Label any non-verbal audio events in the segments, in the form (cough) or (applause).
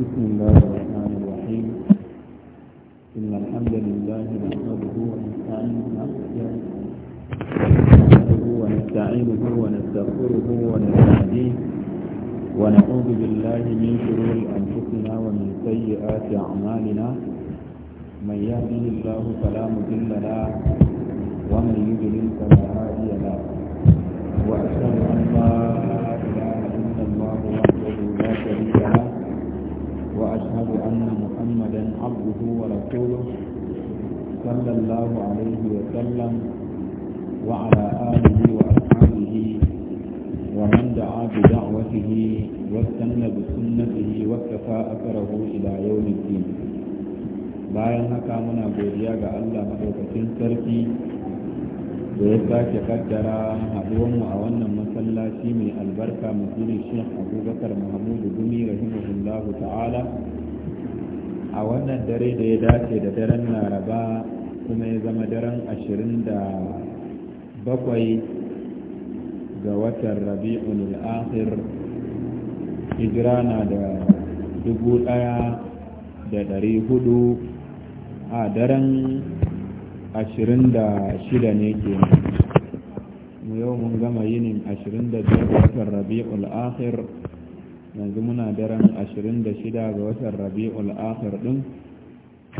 بسم الله الرحمن الرحيم إن الحمد لله نحمده ونستعينه ونستعينه ونستغفره ونستهديه ونعوذ بالله من شرور أنفسنا ومن سيئات أعمالنا من يهده الله فلا مضل له ومن يضلل فلا هادي له وأشهد أن لا إله وأشهد أن محمدا عبده ورسوله صلى الله عليه وسلم وعلى آله وأصحابه ومن دعا بدعوته واستنى بسنته واكتفى أثره إلى يوم الدين bayan haka muna godiya ga Allah madaukakin sarki da ya sake kaddara haɗuwanmu a wannan masallaci mai albarka masjidin shin abubakar mahmudu gumi rahimahullahu ta'ala a wannan dare da ya dace da daren laraba kuma ya zama daren ashirin da bakwai ga watan rabi'un al'ahir hijira na da dubu ɗaya da ɗari hudu a daren ashirin da shida ne ke mu yau mun gama yinin 25 watan rabi'ul akhir yanzu muna daren 26 ga watan rabi'ul akhir din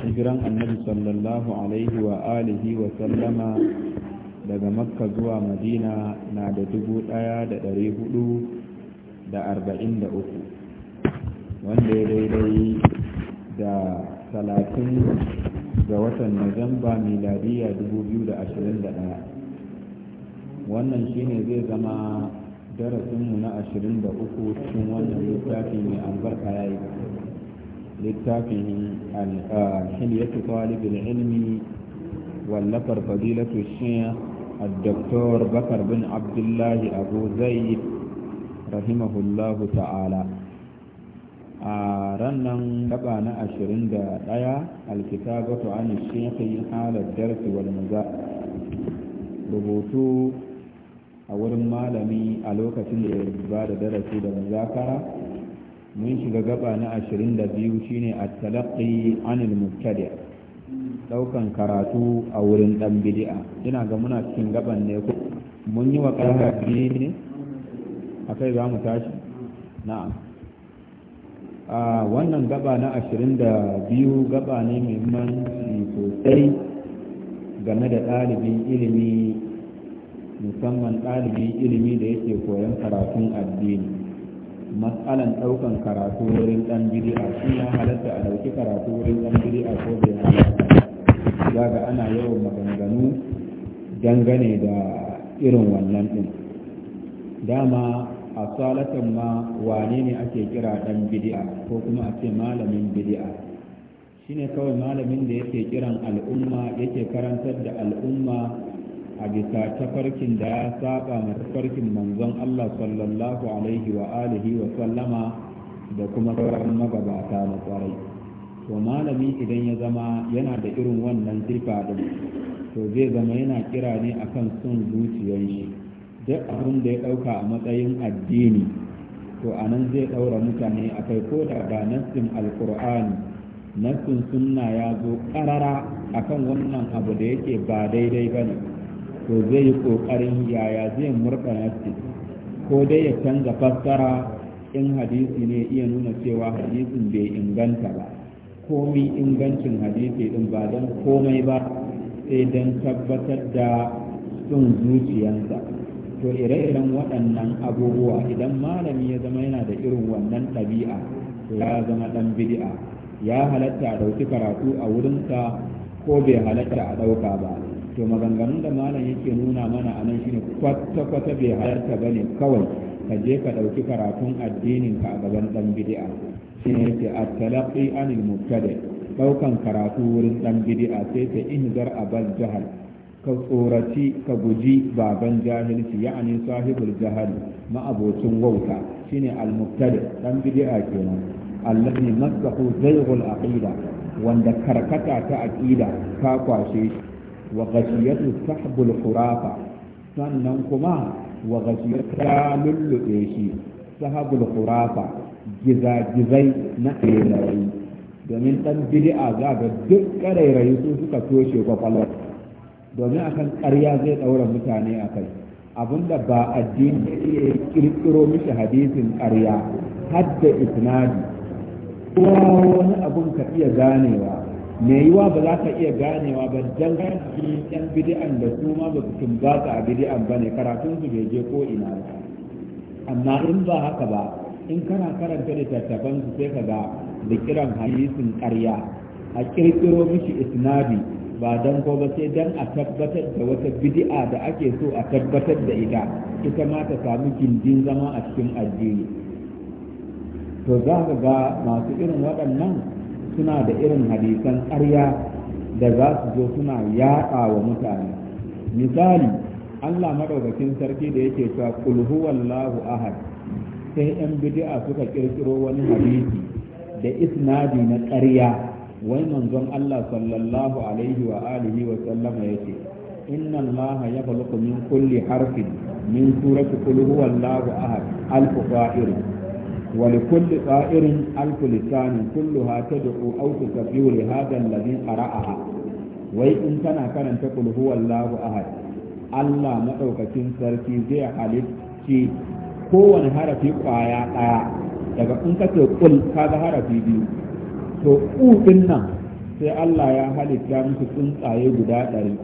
hijiran annabi sallallahu alaihi wa alihi wa sallama daga makka zuwa madina na da 1443 wanda ya daidai da 30 ga watan Nuwamba miladiya 2021 wannan shine zai zama darasinmu na ashirin da uku cikin wannan littafi mai albarka ya yi littafin alhiliyatu ah, talibin ilmi wallafar fadilatu shiyar bakar doktor bakar bin abdullahi abu zai rahimahullahu ta'ala a rannan daba na ashirin da daya alkita alkitabatu an shekhi halar darsi wal rubutu a wurin malami a lokacin da ya ba da darasi da muzakara mun shiga gaba na 22 shine a talaqqi anil mubtadi' daukan karatu a wurin dan bid'a ina ga muna cikin gaban ne ku. mun yi wa karatu ne akai za mu tashi na'am a wannan gaba na 22 gaba ne mai muhimmanci sosai game da ɗalibin ilimi musamman ɗalibi, ilimi da yake koyon karatun addini matsalan ɗaukan karatu wurin ɗan bid'a shi ya halatta a ɗauki karatu wurin ɗan bid'a ko bai halatta za ga ana yawan maganganu dangane da irin wannan ɗin dama a salatan ma wane ne ake kira ɗan bid'a ko kuma a ce malamin bid'a shine kawai malamin da yake kiran al'umma yake karantar da al'umma a bisa tafarkin da ya saba na tafarkin manzon Allah sallallahu alaihi wa alihi wa sallama da kuma sauran magabata na kwarai to malami idan ya zama yana da irin wannan sifa din to zai zama yana kira ne akan son zuciyar shi duk abin da ya ɗauka a matsayin addini to a nan zai ɗaura mutane akai ko da ba nassin alkur'ani nassin sunna ya zo ƙarara akan wannan abu da yake ba daidai bane ne to zai yi ƙoƙarin yaya zai murɗa nafsi ko dai ya canza fassara in hadisi ne iya nuna cewa hadisin bai inganta ba komi ingancin hadisi din ba don komai ba sai don tabbatar da sun zuciyarsa. to ire-iren waɗannan abubuwa idan malami ya zama yana da irin wannan ɗabi'a to ya zama ɗan bidi'a. ya halatta a ɗauki karatu a wurinsa ko bai halatta a ɗauka ba to maganganun da malam yake nuna mana a nan shine kwata-kwata bai halarta ba ne kawai ka je ka ɗauki karatun addinin ka a gaban ɗan bid'a shi ne yake a talaƙi anil mubtada ɗaukan karatu wurin ɗan bid'a sai ta a abal jahal ka tsoraci ka guji baban jahilci ya'ani sahibul jahal ma'abocin wauta shine al mubtada ɗan bid'a kenan allazi masahu zayghul aqida wanda karkata ta aqida ka kwashe shi wa gashiyatu sahbul sannan kuma wa gashiyatu ta lullube shi sahabul khurafa gizagizai na ƙarairayi domin ɗan bid'a za ga duk ƙarairayi su suka toshe kwakwalwar domin akan ƙarya zai ɗaura mutane a kai abinda ba addini ya ƙirƙiro mishi hadisin ƙarya hadda isnadi kuma wani abun ka iya ganewa me yiwa ba za ka iya ganewa ba dan ganin yan bid'an da su ma ba su tumbata a bid'an bane karatun su bai je ko ina ba amma in ba haka ba in kana karanta littattafan su sai ka ga da kiran hadisin ƙarya a kirkiro mishi isnadi ba dan ko ba sai dan a tabbatar da wata bidi'a da ake so a tabbatar da ita ita ma ta samu gindin zama a cikin addini to za ka ga masu irin waɗannan suna da irin hadisan ƙarya da za su zo suna yaɗa wa mutane misali Allah madaukakin sarki da yake cewa qul huwallahu ahad sai yan bid'a suka ƙirƙiro wani hadisi da isnadi na ƙarya wai manzon Allah sallallahu alaihi wa alihi wa sallama yake inna Allah ya min kulli harfin min surati qul huwallahu ahad alfu qa'ir ولكل طائر ألف لسان كلها تدعو أو تسبح لهذا الذي قرأها wai in tana karanta kul huwallahu ahad Allah madaukakin sarki zai halicci kowane harafi kwaya ɗaya daga in ka ce kul ka ga harafi biyu to ku nan sai Allah ya halitta musu tsuntsaye guda ɗari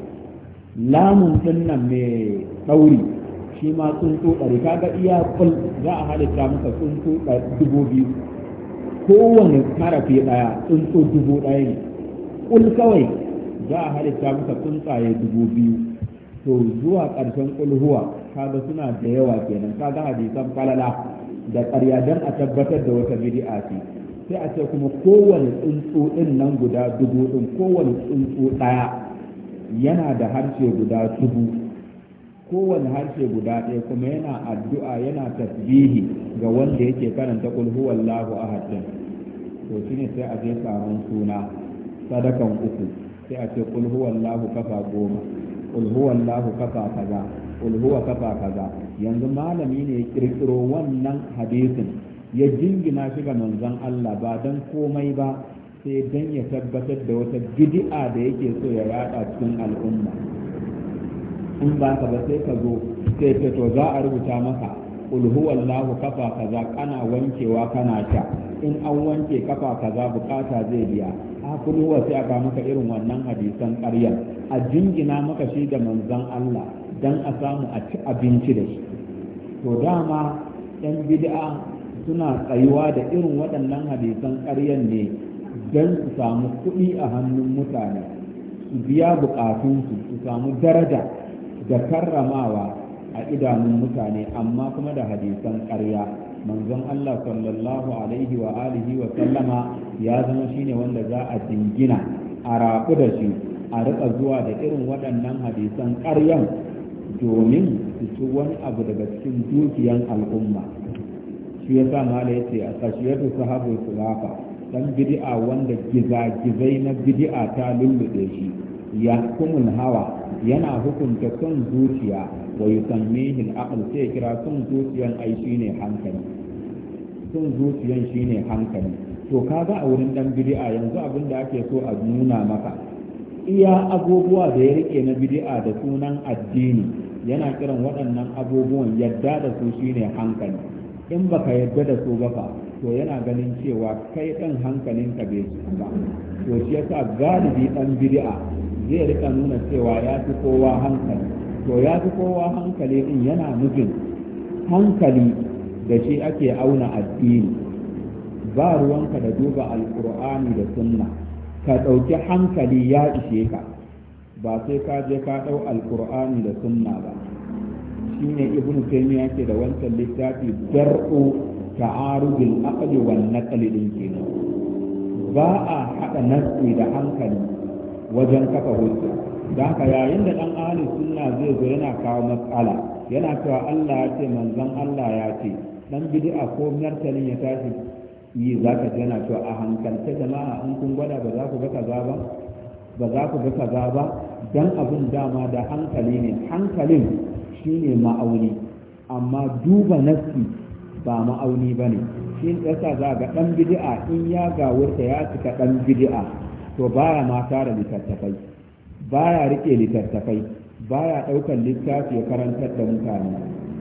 lamun din nan mai ɗauri shi ma tsuntsu ɗari kaga iya kul za a halitta masa tsuntsu dubu biyu kowane karafi ɗaya tsuntsu dubu ɗaya ne kul kawai za a halitta masa tsuntsaye dubu biyu to zuwa ƙarshen huwa kaga suna da yawa kenan kaga hadisan falala da ƙarya don a tabbatar da wata bid'a ce sai a ce kuma kowane tsuntsu ɗin nan guda dubu ɗin kowane tsuntsu ɗaya yana da harshe guda dubu kowane harshe guda ɗaya kuma yana addu'a yana tasbihi ga wanda yake karanta kul huwallahu ahad din to shine sai a je tsaron suna sadakan uku sai a ce kul huwallahu kafa goma kul huwallahu kafa kaza kul huwa kafa kaza yanzu malami ne ya kirkiro wannan hadisin ya jingina shi ga manzon Allah ba dan komai ba sai dan ya tabbatar da wata gidi'a da yake so ya yada cikin al'umma in ba ka ba sai ka zo sai ka to za a rubuta maka qul huwallahu kafa kaza kana wankewa kana ta in an wanke kafa kaza bukata zai biya a kullu sai aka maka irin wannan hadisan ƙarya a jingina maka shi da manzon Allah dan a samu a ci abinci da shi to dama yan bid'a suna tsayuwa da irin waɗannan hadisan ƙaryan ne don su samu kuɗi a hannun mutane su biya bukatunsu su samu daraja da karramawa a idanun mutane amma kuma da hadisan ƙarya manzon Allah sallallahu alaihi wa alihi wa sallama ya zama shine wanda za a dingina a rabu da shi a rika zuwa da irin waɗannan hadisan ƙaryan domin su ci wani abu daga cikin dukiyan al'umma shi ya sa mala ya ce a kashiyatu sahabu sulafa dan bid'a wanda gizagizai na bid'a ta lulluɗe shi yakumul hawa yana hukunta son zuciya wa yusammihi al-aql sai kira son zuciyan ai shine hankali son zuciyan ne hankali to kaga a wurin dan bid'a yanzu abin da ake so a nuna maka iya abubuwa da ya rike na bid'a da sunan addini yana kiran waɗannan abubuwan yadda da su shine hankali in baka yadda da su ba to yana ganin cewa kai ɗan hankalinka bai ba to shi yasa galibi ɗan bid'a zai rika nuna cewa ya fi kowa hankali to ya fi kowa hankali din yana nufin hankali da shi ake auna addini ba ruwanka da duba alkur'ani da sunna ka ɗauki hankali ya ishe ka ba sai ka je ka ɗau alkur'ani da sunna ba shi ne ibn taymiya ke da wancan littafi dar'u ta aqli wan naqli din kenan ba a haɗa nafsi da hankali wajen kafa hujja don haka yayin da ɗan ahli sunna zai zo yana kawo matsala yana cewa Allah ya ce manzon Allah ya ce dan bid'a ko martanin ya tashi yi za ka ji yana cewa a hankalce jama'a in kun gwada ba za ku ga kaza ba ba za ku ga kaza ba dan abin dama da hankali ne hankalin shine ma'auni amma duba nafsi ba ma'auni bane shi yasa za ga dan bid'a in ya ga wurta ya cika ɗan bid'a to baya ma tara littattafai baya rike littattafai baya ɗaukan littafi ya karantar da mutane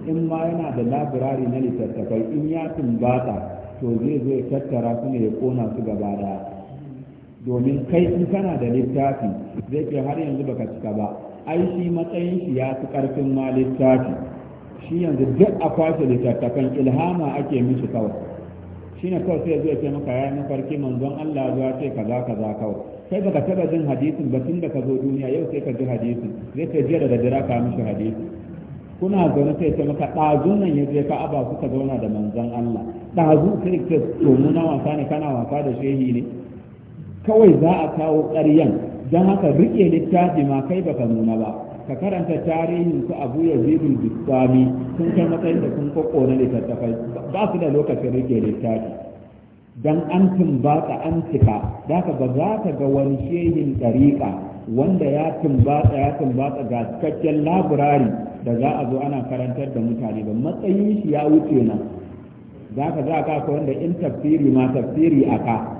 in ma yana da labirari na littattafai in ya tumbata to zai zo ya tattara su ne ya kona su gaba daya domin kai in kana da littafi zai ce har yanzu baka cika ba ai shi matsayin shi ya fi karfin ma littafi shi yanzu duk a kwashe littattafan ilhama ake mishi kawai ne kawai sai zai ce maka yayin mafarki manzon Allah zuwa ce kaza kaza kawai ba baka taba jin hadisin ba tun da ka zo duniya yau sai ka ji hadisin zai ce jiya daga jira ka mishi hadisi kuna zaune sai ce maka ɗazun nan ya je ka aba suka zauna da manzon Allah ɗazu sai ce to na wasa ne kana wasa da shehi ne kawai za a kawo ƙaryan don haka riƙe littafi ma kai baka nuna ba ka karanta tarihin su abu ya zibin bisami sun kai matsayin da sun kokko na littattafai ba su da lokacin rike littafi dan an tumbatsa an cika da ka ba za ka ga wani shehin ɗariƙa wanda ya tumbatsa ya tumbatsa ga cikakken laburari da za a zo ana karantar da mutane ba matsayin shi ya wuce nan za ka za ka wanda in tafsiri ma tafsiri aka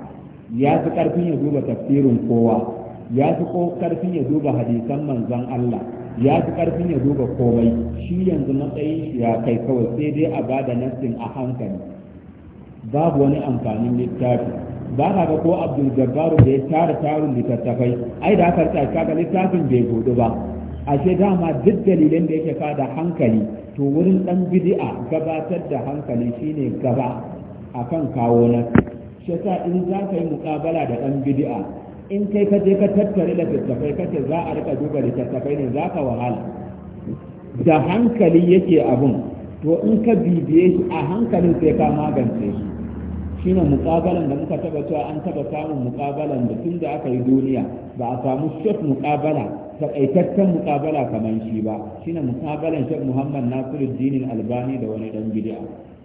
ya fi ƙarfin ya duba tafsirin kowa ya fi ƙarfin ya duba hadisan manzan Allah ya fi ƙarfin ya duba komai shi yanzu matsayin shi ya kai kawai sai dai a bada nassin a hankali babu wani amfanin littafi ba ka ga ko abdul jabbaru da ya tara tarin littattafai ai da aka tsaya kaga littafin bai budu ba ashe dama duk dalilan da yake fada hankali to wurin dan bid'a gabatar da hankali shine gaba akan kawo na shi yasa in za ka yi muƙabala da dan bid'a in kai ka je ka tattare da littattafai kace za a rika duba littattafai ne za ka wahala da hankali yake abun to in ka bibiye shi a hankalin sai ka magance shi shine muƙabalan da muka taba cewa an taba samun muƙabalan da tun da aka yi duniya ba a samu shot muƙabala takaitaccen muƙabala kamar shi ba shine muƙabalan shek muhammad Nasiru, jinin albani da wani dan bid'a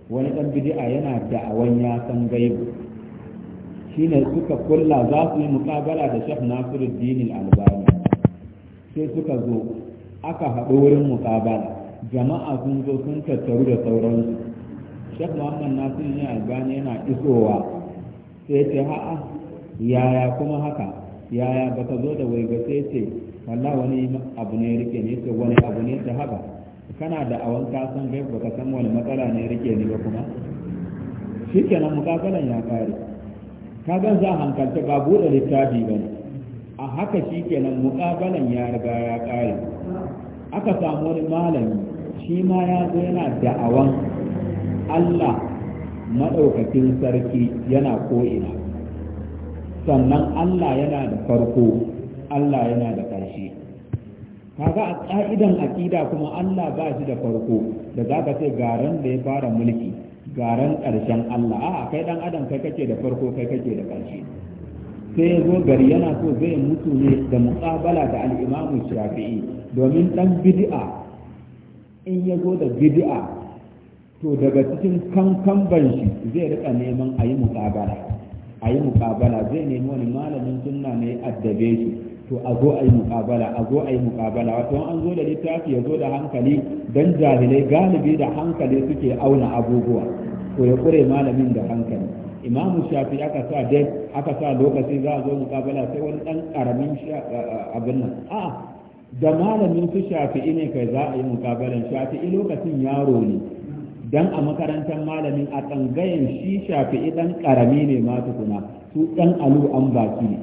wani dan bid'a yana da'awan ya san gaibu shine suka kulla za su yi mukabala da Sheikh Nasiruddin Al-Albani sai suka zo aka haɗu wurin mukabala jama'a sun zo sun tattaru da sauransu Sheikh Muhammad Nasiruddin Al-Albani yana isowa sai ce ha'a yaya kuma haka yaya ka zo da wai ba sai ce wallahi wani abu ne rike ne ce wani abu ne ta haka kana da awan ka san ba ka san wani matsala ne rike ne ba kuma Shi kenan mukabalan ya kare ka gan za hankalta ba buɗe littafi ba a haka shi kenan muƙabalan ya riga ya ƙare aka samu wani malami shi ma ya zo yana da'awan Allah maɗaukakin sarki yana ko'ina sannan Allah yana da farko Allah yana da ƙarshe kaga a ƙa'idan aƙida kuma Allah ba shi da farko da za ka ce garan da ya fara mulki garan ƙarshen Allah a kai ɗan adam kai kake da farko kai kake da ƙarshe sai ya zo gari yana so zai mutu ne da muƙabala da al'imamu shafi'i domin ɗan bid'a in ya zo da bid'a to daga cikin kankan shi zai rika neman a yi muƙabala zai nemi wani malamin sunna ne addabe shi to a zo a yi muƙabala a zo a yi muƙabala wato an zo da littafi ya zo da hankali dan jahilai galibi da hankali suke auna abubuwa to ya kure malamin da hankali imamu shafi aka sa dai aka sa lokaci za a zo muƙabala sai wani ɗan ƙaramin abin nan a da malamin su shafi ne kai za a yi muƙabalan I lokacin yaro ne dan a makarantar malamin a tsangayen shi shafi ɗan ƙarami ne ma tukuna su ɗan alu an baki ne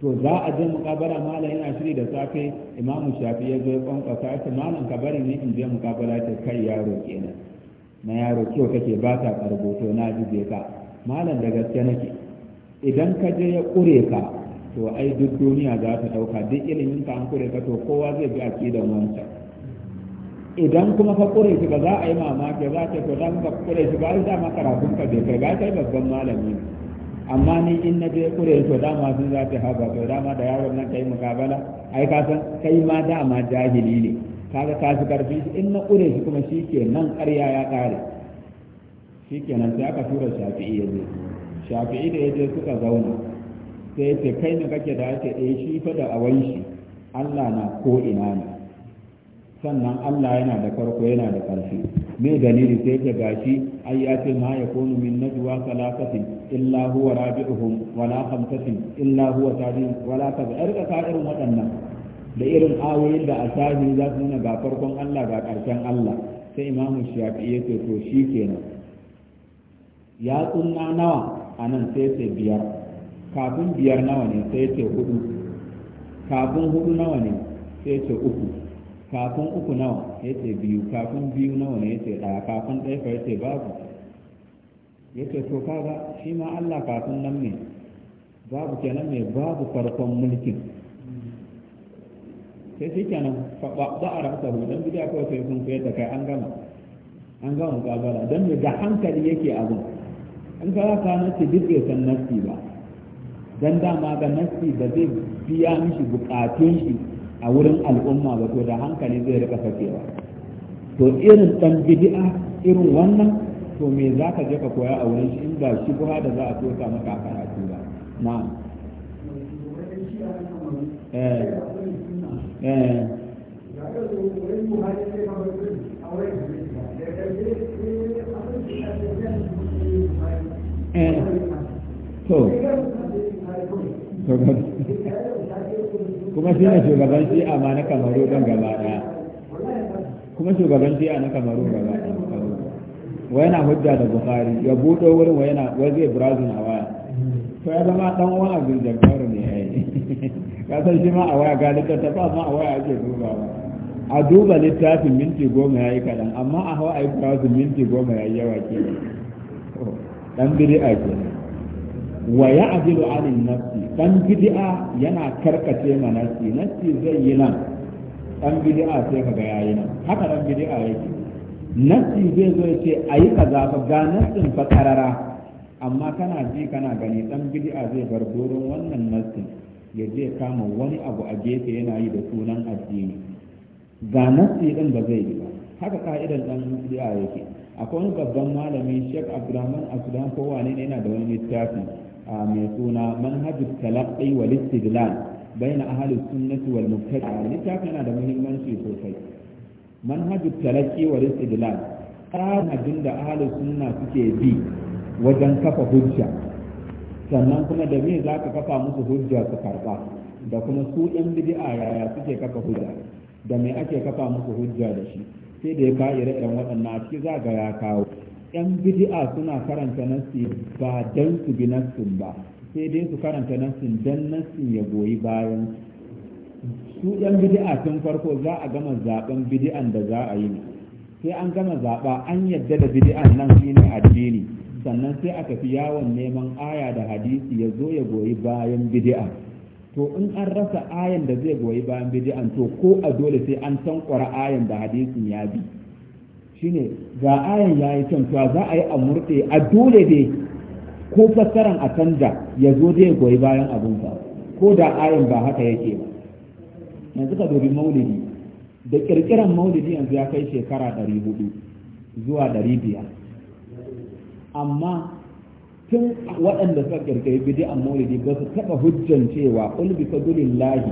to za a je mukabara malam yana shiri da safe imamu shafi ya zo ya kwankwasa ta malam ka bari ne in je mukabara ta kai yaro kenan na yaro kyau kake ba ta karbo to na jije ka malam da gaske nake idan ka je ya kure ka to ai duk duniya za ta dauka duk ilimin ka an kure ka to kowa zai bi akidan wancan idan kuma ka kure shi ba za a yi mamaki za ta to dan ka kure shi ba zai dama karatun ka bai kai ba kai babban malami ne amma ni in na je kure to dama sun za ta haba to dama da yaron nan kai mukabala ai ka san kai ma dama jahili ne kaga ka fi karfi in na kure shi kuma shi ke nan ƙarya ya ƙare shi ke nan sai aka tura shafi'i ya je shafi'i da ya suka zauna sai ya ce kai ne kake da ake ɗaya eh, shi fa da awan shi Allah na ko ina ne sannan Allah yana da farko yana da ƙarfi me dalili sai ta gashi ai ya ce ma yakunu min najwa salasatin illa huwa rabi'uhum wala khamsatin illa huwa tadin wala kaza irka ka irin waɗannan da irin ayoyin da asabi za su nuna ga farkon Allah ga ƙarshen Allah sai imamu shafi ya ce to shikenan ya tsunna nawa anan sai ce biyar kafin biyar nawa ne sai ce hudu kafin hudu nawa ne sai ce uku kafin uku nawa ya ce biyu kafin biyu nawa ne ya ce ɗaya kafin ɗaya ya ce babu ya ce to kaga shi ma Allah kafin nan ne babu kenan ne babu farkon mulkin sai shi kenan faɓaɓɓa a rasa don gida kawai sai sun fiye da kai an gama an gama mukabala don ne da hankali yake abin an ka ka nasi duk san nasi ba don dama ga nasi da zai biya mishi bukatun shi a wurin al'umma ba to da hankali zai rika fakewa to irin dan bid'a irin wannan to me za ka je ka koya a wurin shi in ba shi buha da za a ta maka karatu ba na eh. eh eh to kuma shi ne shugaban shi'a ma na kamaru don gaba ɗaya kuma shugaban shi'a na kamaru gaba ɗaya wa yana hujja da bukari ya buɗo wurin wa yana wa zai burazin a waya to ya zama ɗan wani abin jabbaru ne ya yi (laughs) ka san shi ma a waya ga littattafa ma a waya ake dubawa a duba littafin minti goma ya yi kaɗan amma a hawa a yi burazin minti goma ya yi yawa ke oh, Ɗan biri a ke wa ya ajilu alin nafsi dan gidi'a yana karkace ma nasi nasi zai yi nan dan gidi'a sai ka kaga yi nan haka dan gidi'a yake nasi zai zo ya ce ayi kaza fa ga nasin fa karara amma kana ji kana gani dan gidi'a zai bar doron wannan nasin ya je kama wani abu a gefe yana yi da sunan addini ga nasi din ba zai yi ba haka ka'idar dan gidi'a yake akwai wani babban malami shek Abdulrahman Asudan ko wane ne yana da wani littafi mai suna manhajus talaqqi wal istidlal baina ahli sunnah wal mubtadi Littafi yana da muhimmanci sosai manhajus talaqqi wal istidlal tsarin abin da ahli sunna suke bi wajen kafa hujja sannan kuma da me za ka kafa musu hujja su karba da kuma su yan bid'a yaya suke kafa hujja da me ake kafa musu hujja da shi sai da ya ka ire-iren waɗannan a ciki za ga ya kawo 'yan bid'a suna karanta nassi ba don su bi nassin ba sai dai su karanta nassin don nassin ya goyi bayan su 'yan bid'a tun farko za a gama zaben bid'an da za a yi sai an gama zaɓa an yadda da bid'an nan ne addini sannan sai aka fi yawon neman aya da hadisi ya zo ya goyi bayan bid'a to in an rasa ayan da zai goyi bayan bid'an to ko a dole sai an tankwara ayan da hadisin ya bi shine ga ayan ya yi can cewa za a yi a a dole dai ko fassaran a canza ya zo dai goyi bayan abin sa ko da ayan ba haka yake ba yanzu ka dobi maulidi da kirkiran maulidi yanzu ya kai shekara ɗari hudu zuwa ɗari biyar amma tun waɗanda suka kirkiri bidi'an maulidi ba su taɓa hujjan cewa qul bi fadlillahi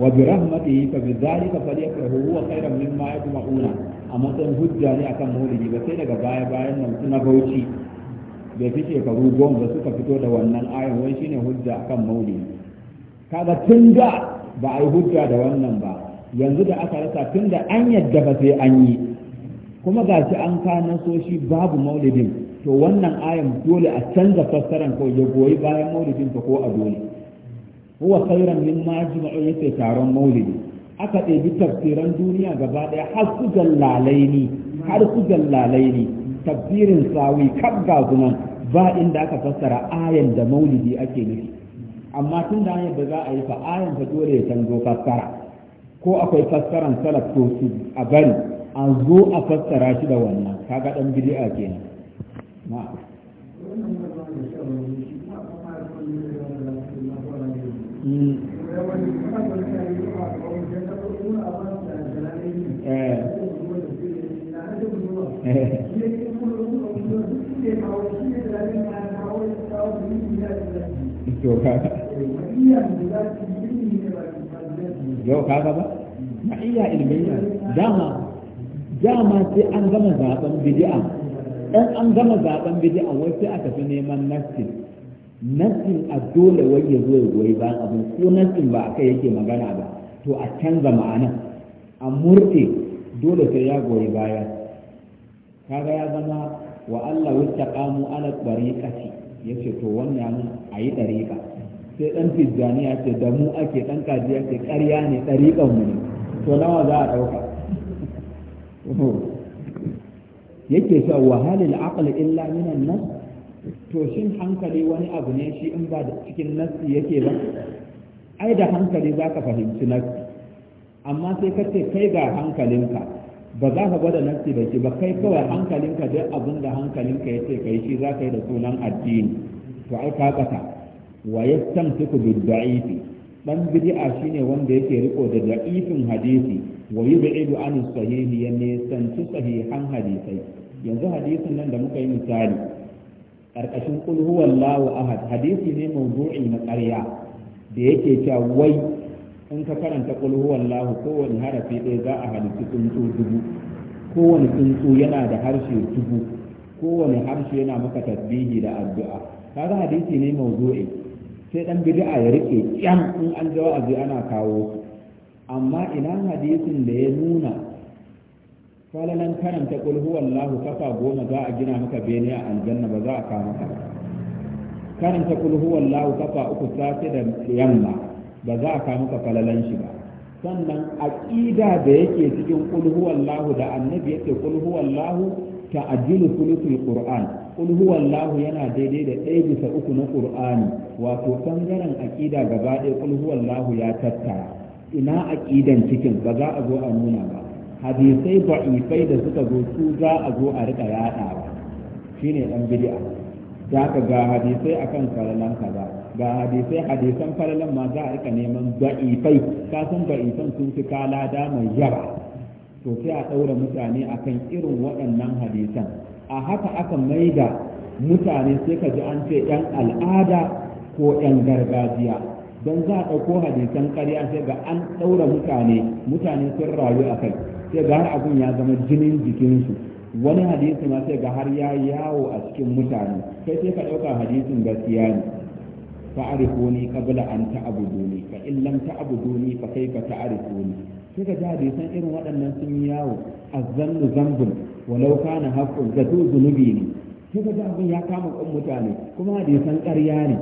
wa bi rahmatihi fa bi dhalika falyafrahu huwa khayran mimma yajma'una a matsayin hujja ne akan maulidi ba sai daga baya bayan nan na bauchi bai fi shekaru goma da suka fito da wannan ayan wai shine hujja akan maulidi kaga tun da ba a yi hujja da wannan ba yanzu da aka rasa tun da an yadda ba sai an yi kuma ga shi an kana so shi babu maulidin to wannan ayan dole a canza fassaran ko ya goyi bayan maulidin ta ko a dole huwa khairan mimma jima'u yake taron maulidi aka ɗebi tafsiran duniya gaba ɗaya har su ne har su ne tafsirin sawi kan ga ba inda aka fassara ayan da maulidi ake nufi amma tun da hanyar da za a yi fa ayan fa dole ya canzo fassara ko akwai fassaran salaf to su a bari a zo a fassara shi da wannan kaga dan bid'a kenan na'am Mm. Eh. yau kaga ba ma'iyya ilmiya dama dama sai an gama zaben bidi'a, dan an gama zaben bidi'a wai sai aka fi neman nassin nassin a dole wai ya zo ya goyi bayan abin ko nassin ba aka kai yake magana ba to a canza ma'ana a murɗe dole sai ya goyi baya kaga ya zama wa Allah kamu ala ya ce to wannan a yi ɗariƙa sai ɗan tijjani ya ce da mu ake ɗan kaji ya ce ƙarya ne ɗariƙan mu ne to nawa za a ɗauka (laughs) yake sa wahalil aql illa minan nas to shin hankali wani abu ne shi in ba da cikin nasi yake ba ai da hankali za ka fahimci nasi amma sai ka ce kai ga hankalinka ba za ka gwada nafsi da shi ba kai kawai hankalinka duk abin da hankalinka ya ce kai shi za ka yi da sunan addini to ai ka kasa wa yastamsiku bid-da'ifi dan bid'a shine wanda yake riko da da'ifin hadisi wa yub'idu an sahihi ya ne su sahihan hadisai yanzu hadisin nan da muka yi misali karkashin qul huwallahu ahad hadisi ne mawdu'i na ƙarya da yake cewa wai in ka karanta qul huwallahu kowane harafi ɗaya za a halitta tsuntsu dubu kowane tsuntsu yana da harshe dubu kowane harshe yana maka tasbihi da addu'a kaga hadisi ne mawdu'i sai dan bid'a ya rike kyan in an ga wa'azi ana kawo amma ina hadisin da ya nuna falalan karanta qul huwallahu kafa goma za a gina maka bene a aljanna ba za a kama maka karanta qul huwallahu kafa uku safe da yamma ba za a kawo maka falalan shi ba sannan aqida da yake cikin qul huwallahu da annabi yake qul huwallahu ta'jilu sulutul qur'an qul huwallahu yana daidai da ɗaya bisa uku na qur'ani wato bangaren aqida gaba ɗaya qul huwallahu ya tattara ina aqidan cikin ba za a zo a nuna ba hadisai da'ifai da suka zo su za a zo a rika yaɗa ba shine dan bid'a za ka ga hadisai akan falalan kaza ga hadisai hadisan falalan ma za a rika neman ba'ifai ka san ba'ifan sun fi kalada mai yawa to sai a ɗaura mutane akan irin waɗannan hadisan a haka aka da mutane sai ka ji an ce ɗan al'ada ko ɗan gargajiya don za a ɗauko hadisan ƙarya sai ga an ɗaura mutane mutane sun rayu a kai sai ga har abin ya zama jinin jikinsu wani hadisi ma sai ga har ya yawo a cikin mutane sai sai ka ɗauka hadisin gaskiya ne fa'arifuni qabla an ta'buduni fa in lam ta'buduni fa kaifa sai ji hadisan irin waɗannan sun yi yawo zannu zambun walau kana haqqun da zunubi ne sai ji abin ya kama kan mutane kuma hadisan ƙarya ne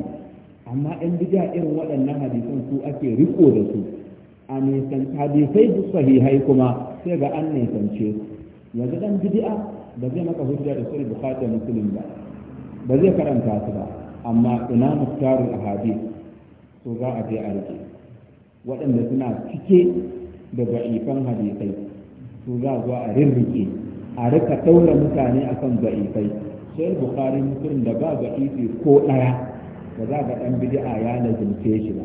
amma ɗan bija irin waɗannan hadisan su ake riko da su a nisan hadisai duk sahihai kuma sai ga an nisance su yanzu ɗan bid'a ba zai maka hujja da sulhu bukhari da ba ba zai karanta su ba amma ina muktaru a hadis to za a je a rike waɗanda suna cike da ba'ifan hadisai to za a zo a rirrike a rika taura mutane akan ba'ifai sai bukari mutum da ba ba'ifi ko ɗaya ba za ga ɗan bid'a ya lazimce shi ba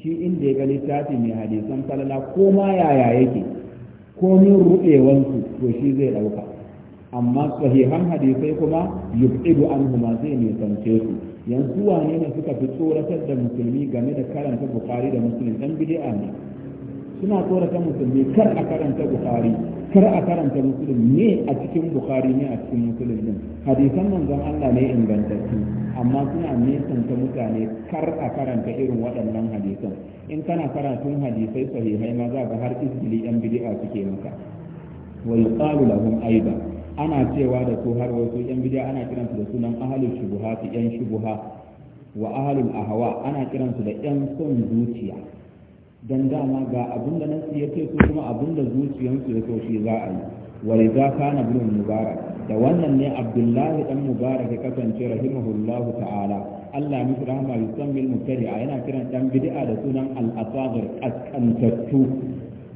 shi inda ya ga littafi mai hadisan falala ko ma yaya yake ko min ruɗewansu to shi zai ɗauka amma sahihan hadisai kuma yub'idu anhuma zai nisance su yanzu wane ne suka fi tsoratar da musulmi game da karanta bukari da musulmi dan bid'a ne suna tsorata musulmi kar a karanta bukari kar a karanta musulun ne a cikin bukari ne a cikin musulun din hadisan manzon Allah ne ingantattu amma suna ta mutane kar a karanta irin waɗannan hadisan in kana karatun hadisai sahihai ma za ga har isbili yan bid'a suke maka wa yuqalu lahum aidan ana cewa da su har wasu yan bidiya ana kiransu da sunan ahalul shubuhati yan shubuha wa ahalul ahawa ana kiransu da yan son zuciya dan dama ga abin da nasu ya ce su kuma abin da zuciyansu ya so shi za a yi wa riza kana bin mubarak da wannan ne abdullahi dan mubarak ya kasance rahimahullahu ta'ala Allah ya musu rahama yusammil mubtadi'a yana kiran dan bid'a da sunan al asabir kaskantattu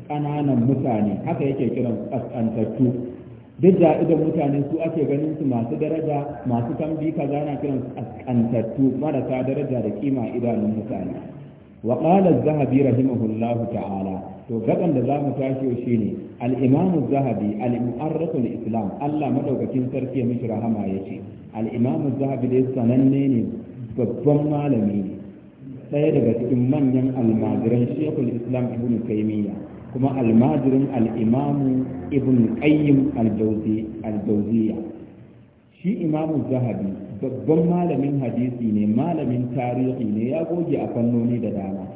kananan mutane haka yake kiran kaskantattu duk da idan mutane su ake ganin su masu daraja masu tambi kaza na kiran su askantattu marasa daraja da kima idanun mutane wa qala az-zahabi rahimahullahu ta'ala to gaban da zamu tashi shine al-imam az-zahabi al-mu'arrikh al-islam Allah madaukakin sarki mishi rahama yace al-imam az-zahabi dai sananne ne babban malami ne ɗaya daga cikin manyan almajiran shekul islam ibn taymiyyah kuma almajirin al'imamu ibn ƙayyim al-jawziya shi imamu zahabi babban malamin hadisi ne malamin tarihi ne ya goge a fannoni da dama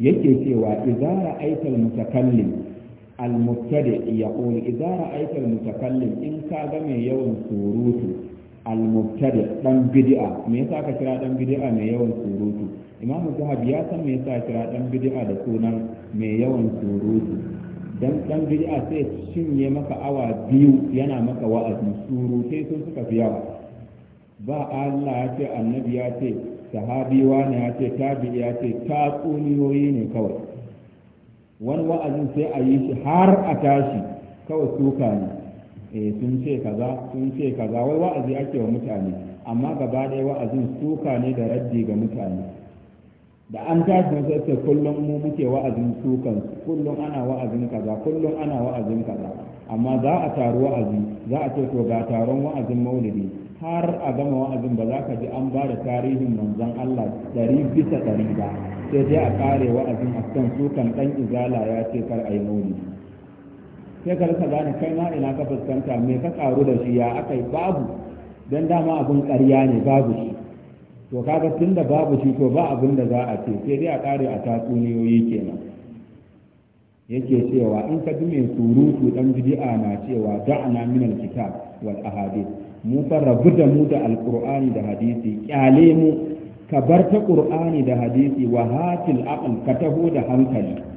yake cewa idza ra'aita al al-mubtadi yaqulu idza ra'aita al-mutakallim in ka ga mai yawan surutu al-mubtadi dan bid'a me yasa ka kira dan bid'a mai yawan surutu imamu zahabi ya san me yasa kira dan bid'a da sunan mai yawan surutu dan dan bid'a sai ne maka awa biyu yana maka wa'azi surutai sun suka fi yawa ba Allah ya ce annabi ya ce sahabi wani ya ce tabi'i ya ce tatsuniyoyi ne kawai wani wa'azin sai a yi shi har a tashi kawai suka ne eh sun ce kaza sun ce kaza wai wa'azi ake wa mutane amma gaba ɗaya wa'azin suka ne da raddi ga mutane da an tashi na ce kullum mu muke wa'azin sukan kullum ana wa'azin kaza kullum ana wa'azin kaza amma za a taru wa'azi za a ce to ga taron wa'azin maulidi har a gama wa'azin ba za ka ji an ba da tarihin manzon Allah ɗari bisa ɗari ba sai dai a kare wa'azin a kan sukan ɗan izala ya ce kar a yi maulidi sai ka rasa gane kai ma ina ka fuskanta me ka karu da shi ya aka yi babu dan dama abin ƙarya ne babu shi to kaga tunda babu shi to ba abin da za a ce sai dai a ƙare a tatsuniyoyi kenan yake cewa in ka bi mai surutu dan bid'a na cewa da'ana min alkitab wal ahadith mu rabu da mu da alqur'ani da hadisi kyale mu ka bar ta qur'ani da hadisi wa hatil aql ka taho da hankali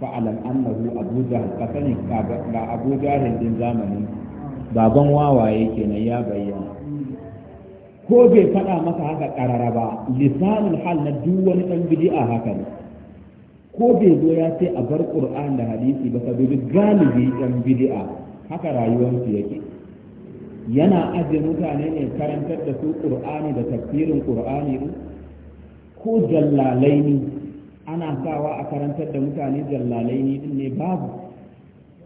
fa'alam annahu abu ka sani ga abu jahal din zamani baban wawaye kenan ya bayyana ko bai faɗa masa haka ƙarara ba lisanin hal na duk wani ɗan bidi'a haka ne ko bai zo ya ce a bar ƙur'an da hadisi ba saboda galibi ɗan bidi'a haka rayuwarsu yake yana ajiye mutane ne karantar da su ƙur'ani da tafsirin ƙur'ani ko jallalai ne ana sawa a karantar da mutane jallalai ne din ne babu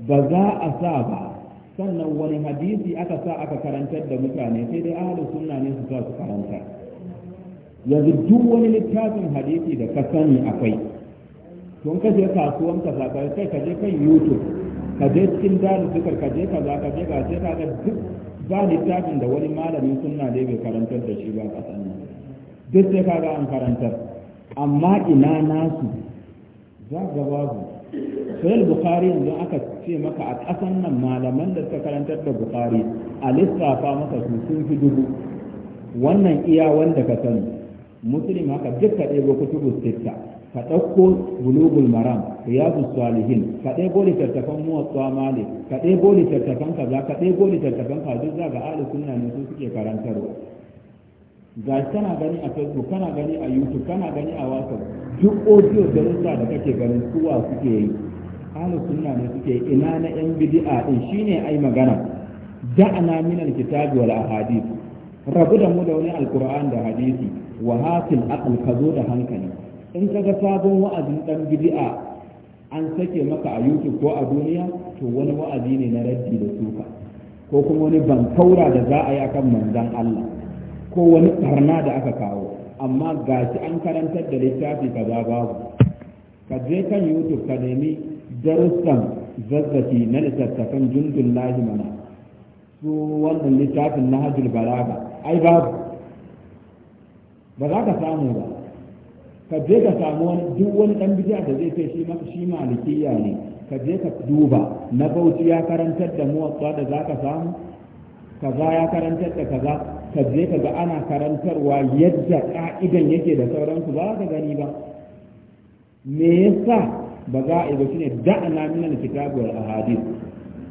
ba za a sa ba sannan wani hadisi aka sa aka karantar da mutane sai dai ahalin sunna ne su sa su karanta yanzu duk wani littafin hadisi da ka sani akwai tun ka je kasuwan ka sa kai ka je kan youtube ka je cikin dalil zikar ka je kaza ka je ka je ka ga duk ba littafin da wani malamin sunna dai bai karantar da shi ba kasan nan duk sai ka ga an karantar amma ina nasu za ga babu sayar bukari yanzu aka ce maka a ƙasan nan malaman da suka karantar da bukari a lissafa maka su sun fi dubu wannan iya wanda ka sani muslim haka duk ka ɗebo kutubu sitta ka ɗauko bulugul maram riyadu salihin ka ɗebo littattafan muwatsuwa malik ka ɗebo littattafan kaza ka ɗebo littattafan kaza duk za ga ahli sunna ne su suke karantarwa ga kana gani a facebook kana gani a youtube kana gani a whatsapp duk audio da rinsa da kake ganin suwa suke yi ahlus sunna ne suke ina na yan bidi'a din shine ai magana da'ana min alkitab wal ahadith rabu da mu da wani alquran da hadisi wa hatil aql ka da hankali in kaga sabon wa'azin dan bidi'a an sake maka a youtube ko a duniya to wani wa'azi ne na raddi da suka ko kuma wani bankaura da za a yi akan manzon Allah ko wani tarna da aka kawo amma ga shi an karantar da littafi kaza babu ka je kan youtube ka nemi darussan zazzafi na littattafan jundun lahi mana su wannan littafin na hajjul balaga ai babu ba za ka samu ba ka je ka samu wani duk wani dan bidiya da zai kai shi malikiya ne ka je ka duba na bauchi ya karantar da muwatsa da za ka samu kaza ya karantar da kaza ka je ka ga ana karantarwa yadda ka'idan yake da sauransu ba ka gani ba me yasa ba za a yi shine da'ana minal kitabu a ahadith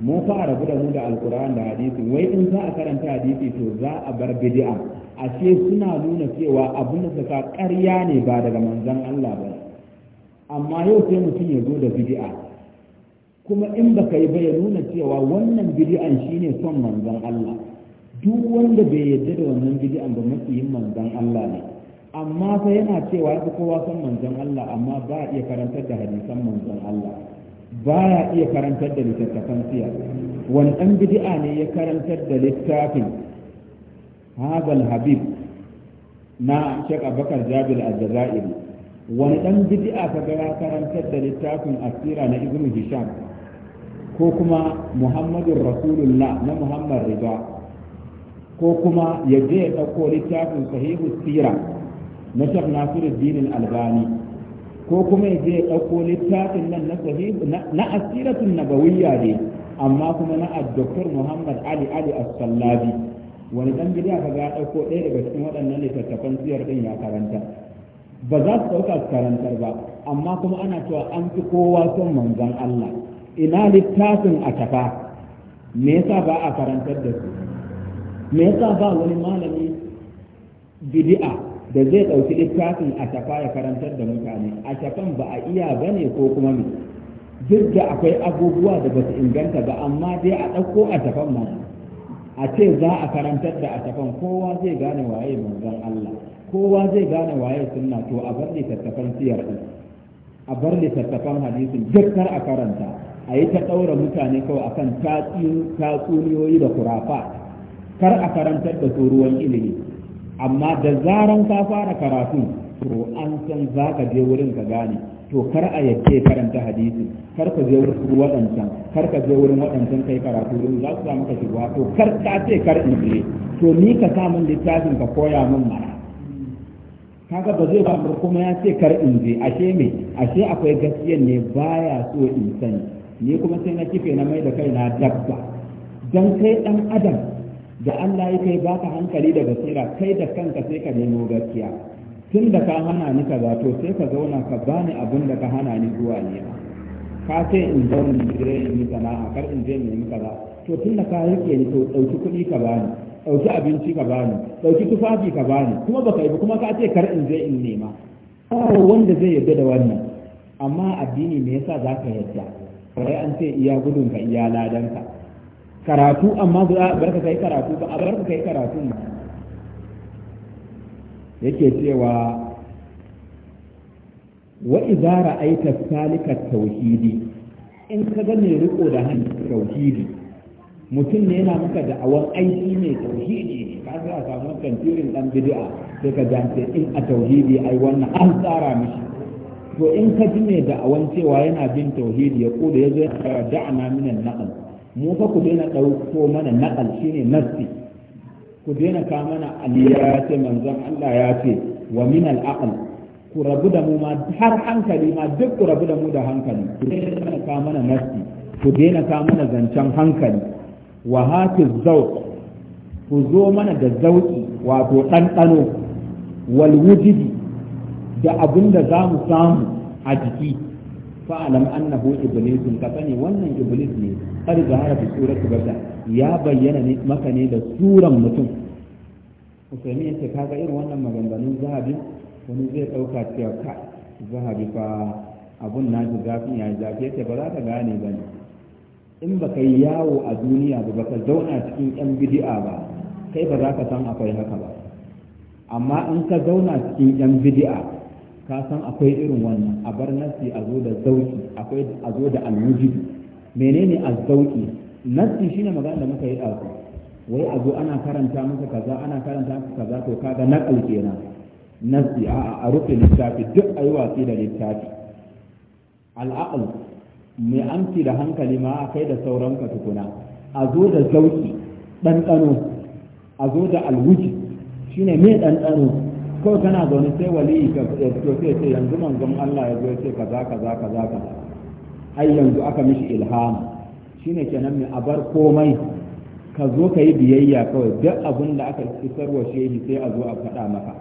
mu fa rabu da mu da alquran da hadisi wai in za a karanta hadisi to za a bar bid'a ashe suna nuna cewa abin da suka ƙarya ne ba daga manzon Allah ba amma yau sai mutum ya zo da bid'a kuma in baka yi ba ya nuna cewa wannan bid'an shine son manzon Allah duk wanda bai yarda da wannan bid'an ba makiyin manzon Allah ne amma fa yana cewa yafi kowa san manzon Allah amma ba iya karantar da hadisan manzon Allah ba baya iya karantar da littattafan siya wannan bid'a ne ya karantar da littafin habal habib na Sheikh Abubakar Jabir al-Jazairi wani dan bid'a ka ga karantar da littafin asira na Ibn Hisham ko kuma Muhammadur Rasulullah na Muhammad Riba ko kuma ya je ya ɗauko littafin sahihu sira na nasiru dinin albani ko kuma ya je ya ɗauko littafin nan na sahihu na asiratun nabawiyya ne amma kuma na addoktor muhammad ali ali as-sallabi wani dan gida ka ga ɗauko ɗaya daga cikin waɗannan littattafan siyar ɗin ya karanta ba za su ɗauka su karantar ba amma kuma ana cewa an fi kowa son manzon allah ina littafin a tafa me yasa ba a karantar da su me yasa ba wani malami bid'a da zai ɗauki littafin a tafa ya karantar da mutane a tafan ba a iya ba ko kuma me duk da akwai abubuwa da ba su inganta ba amma dai a ɗauko a tafan ma a ce za a karantar da a tafan kowa zai gane waye manzon Allah kowa zai gane waye sunna to a bar littattafan siyar din a bar littattafan hadisin duk kar a karanta a yi ta ɗaura mutane kawai akan tatsuniyoyi da kurafa kar a karantar da su ruwan ilimi amma da zaran ka fara karatu to an san za ka je wurin ka gane to kar a yake karanta hadisi kar ka je wurin waɗancan kar ka je wurin waɗancan kai karatu wurin za su samu ka shiga to kar ka ce kar in je to ni ka sa min littafin ka koya min mara kaga ba zai ba kuma ya ce kar in je ashe me ashe akwai gaskiyan ne baya so in sani ni kuma sai na kife na mai da kai na dabba dan kai ɗan adam da Allah ya kai baka hankali da basira kai da kanka sai ka nemo gaskiya tun da ka hana ni ka zato sai ka zauna ka bani abin da ka hana ni zuwa ne ka ce in zauna ni gire in yi sana'a kar in je yi kaza to tun da ka rike ni to ɗauki kuɗi ka bani ɗauki abinci ka bani ɗauki tufafi ka bani kuma baka yi ba kuma ka ce kar in je in nema wanda zai yarda da wannan amma addini me yasa zaka ka yarda kai an ce iya gudunka iya ladanka karatu amma ba a barka kai karatu ba a barka kai karatu ne yake cewa wa idza ra'aita salika tauhidi in ka ga ne riko da hannu tauhidi mutum ne yana maka awan aiki ne tauhidi ka ga samu kantirin dan bid'a sai ka jance in a tauhidi ai wannan an tsara mishi to in ka ji ne da'awan cewa yana bin tauhidi ya koda yazo da'ana minan na'am mu fa ku daina ɗauko mana naƙal shine nassi ku daina ka mana aliya ya ce manzon Allah ya ce wa min al ku rabu da mu ma har hankali ma duk ku rabu da mu da hankali ku daina ka mana nassi ku daina ka mana zancen hankali wa hatiz zawq ku zo mana da zauki wato ɗanɗano wal wujidi da abin da za mu samu a jiki fa'alam annahu iblisun ka sani wannan iblis ne har zahara bi surati bada ya bayyana ne maka ne da suran mutum usaimi yace kaga irin wannan maganganun zahabi wani zai dauka cewa ka zahabi fa abun na ji zafi ya zafi yace ba za ka gane ba ne in baka yi yawo a duniya ba baka zauna cikin yan bid'a ba kai ba za ka san akwai haka ba amma in ka zauna cikin yan bid'a ka san akwai irin wannan a bar nasi a zo da zauki akwai a zo da almujibi menene a azzauki nasi shine magana da muka yi ɗazu wai a zo ana karanta maka kaza ana karanta maka kaza to kaga naqal kenan nasi a a rufe littafi duk ayi watsi da littafi al'aql mai amci da hankali ma kai da sauran ka tukuna a zo da zauki ɗanɗano a zo da alwuji shine me ɗanɗano kawai kana zaune sai wali ka fito sai ce yanzu manzon Allah ya zo ya ce kaza kaza kaza kaza ai yanzu aka mishi ilhama shine kenan mai abar komai ka zo ka yi biyayya kawai duk abin da aka wa shehi sai a zo a faɗa maka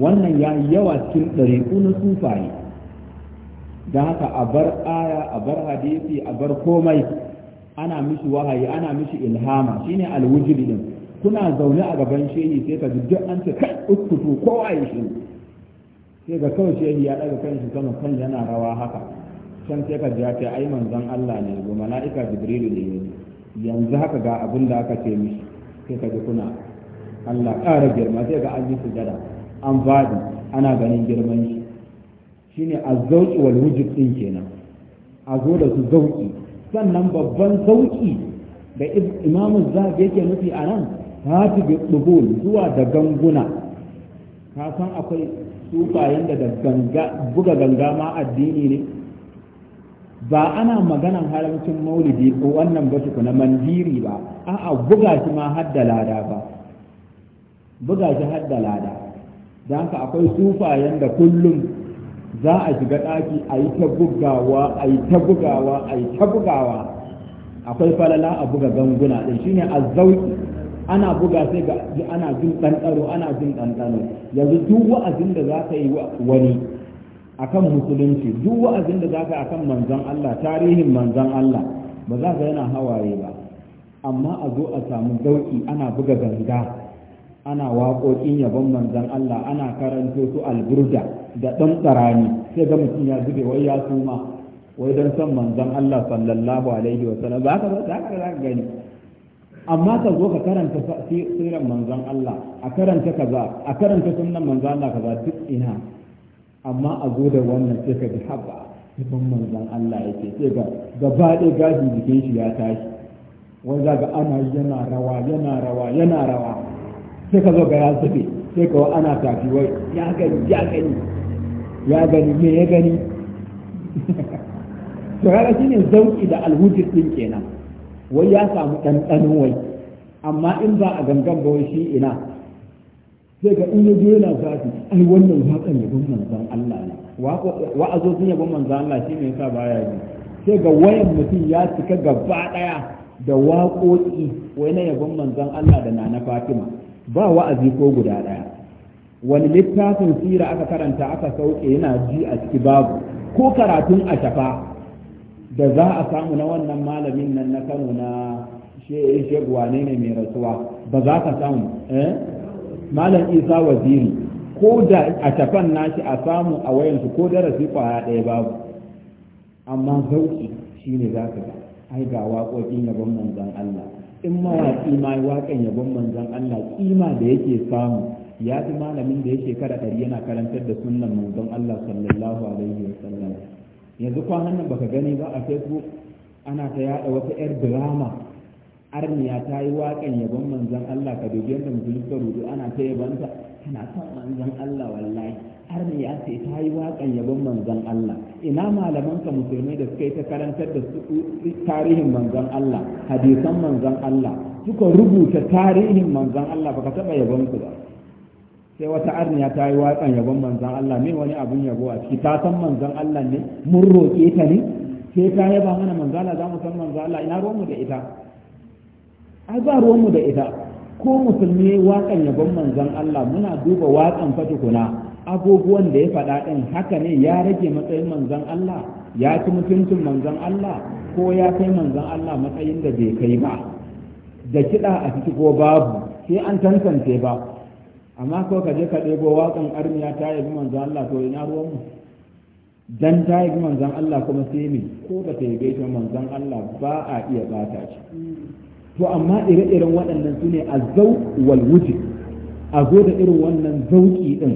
wannan ya yi yawa cikin ɗariƙu na sufaye don haka a bar aya a bar hadisi a bar komai ana mishi wahayi ana mishi ilhama shine alwujudi din kuna zaune a gaban shehi sai ka duk an ce kai uskutu kowa ya shi sai ga kawai shehi ya daga kan shi sama kan yana rawa haka can sai ka ja ta ai manzon Allah ne go mala'ika jibrilu ne yanzu haka ga abin da aka ce mishi sai ka ji kuna Allah ƙara girma sai ga an yi sujada an fadi ana ganin girman shi shine azzauki wal wujud din kenan a zo da su zauki sannan babban zauki da imamu zaɓe yake nufi a nan hati bi dubul zuwa da ganguna ka san akwai sufayen da ganga buga ganga ma addini ne ba ana maganan haramcin maulidi ko wannan ba na mandiri ba a'a buga shi ma hadda lada ba buga shi hadda lada don haka akwai sufayen da kullum za a shiga ɗaki a yi ta bugawa a yi ta bugawa a yi ta bugawa akwai falala a buga ganguna ɗin shine azzauki ana buga sai ga ana jin ɗanɗano ana jin ɗanɗano yanzu duk wa'azin da za ka yi wani akan musulunci duk wa'azin da za ka akan manzon Allah tarihin manzon Allah ba za ka yana hawaye ba amma a zo a samu dauki ana buga ganga ana waƙoƙin yabon manzon Allah ana karanto su alburda da ɗan tsarani sai ga mutum ya zube wai ya suma wai don son manzon Allah sallallahu alaihi wa sallam ba ka ba ka gani amma ka zo ka karanta siran manzan Allah a karanta kaza a karanta sunan manzan Allah kaza duk ina amma a zo da wannan sai ka bi haba sifan manzan Allah yake sai ga gaba ɗaya gashi jikin shi ya tashi wanda ga ana yana rawa yana rawa yana rawa sai ka zo ga ya zube sai ka ana tafi wai ya gani ya gani ya gani me ya gani (laughs) to kaga shine zauki da alhujir din kenan wai ya samu ɗanɗano wai amma in ba a gangan ba wai shi ina sai ga in ya yana zafi ai wannan waƙan yabon manzan Allah ne wa'azozin yabon manzan Allah shi ne yasa baya ne. sai ga wayan mutum ya cika gaba ɗaya da waƙoƙi wai na yabon manzan Allah da na na Fatima ba wa'azi ko guda ɗaya wani littafin sira aka karanta aka sauke yana ji a ciki babu ko karatun a shafa da za a samu na wannan malamin nan na kano na shegu wane ne mai rasuwa ba za ka samu eh? malam isa waziri ko da a tafan nashi a samu a wayansu ko darasi kwaya ɗaya babu amma zauki shine za ka ga ai ga waƙoƙin yabon manzan Allah in mawaƙi ma waƙan yabon manzan Allah kima da yake samu ya fi malamin da ya shekara ɗari yana karantar da sunnan manzon Allah sallallahu alaihi wasallam yanzu kwanan nan baka gani ba a facebook ana ta yada wata yar drama arniya ta yi waƙan yabon manzan Allah ka dubi yadda mutum suka rudu ana ta yabanta tana son manzan Allah wallahi Armiya ce ta yi waƙan yabon manzan Allah ina malaman ka musulmai da suka yi ta karantar da su tarihin manzan Allah hadisan manzan Allah suka rubuta tarihin manzan Allah baka taɓa yabon su ba sai wata arniya ta yi watsan yabon manzan Allah me wani abun yabo a ciki ta san manzan Allah ne mun roƙe ta ne sai ta yaba mana manzan Allah za mu san manzan Allah ina ruwanmu da ita ai ba ruwanmu da ita ko musulmi watsan yabon manzan Allah muna duba watsan fatukuna abubuwan da ya faɗa ɗin haka ne ya rage matsayin manzan Allah ya ci mutuncin manzan Allah ko ya kai manzan Allah matsayin da bai kai ba da kiɗa a ciki ko babu sai an tantance ba amma ko ka je ka ɗebo waƙan armiya ta yi manzon Allah to ina ruwan mu dan ta yabi manzon Allah kuma sai me ko ba ta yi ta manzon Allah ba a iya bata shi to amma ire-iren waɗannan su ne a zau wal wuce a zo da irin wannan zauki ɗin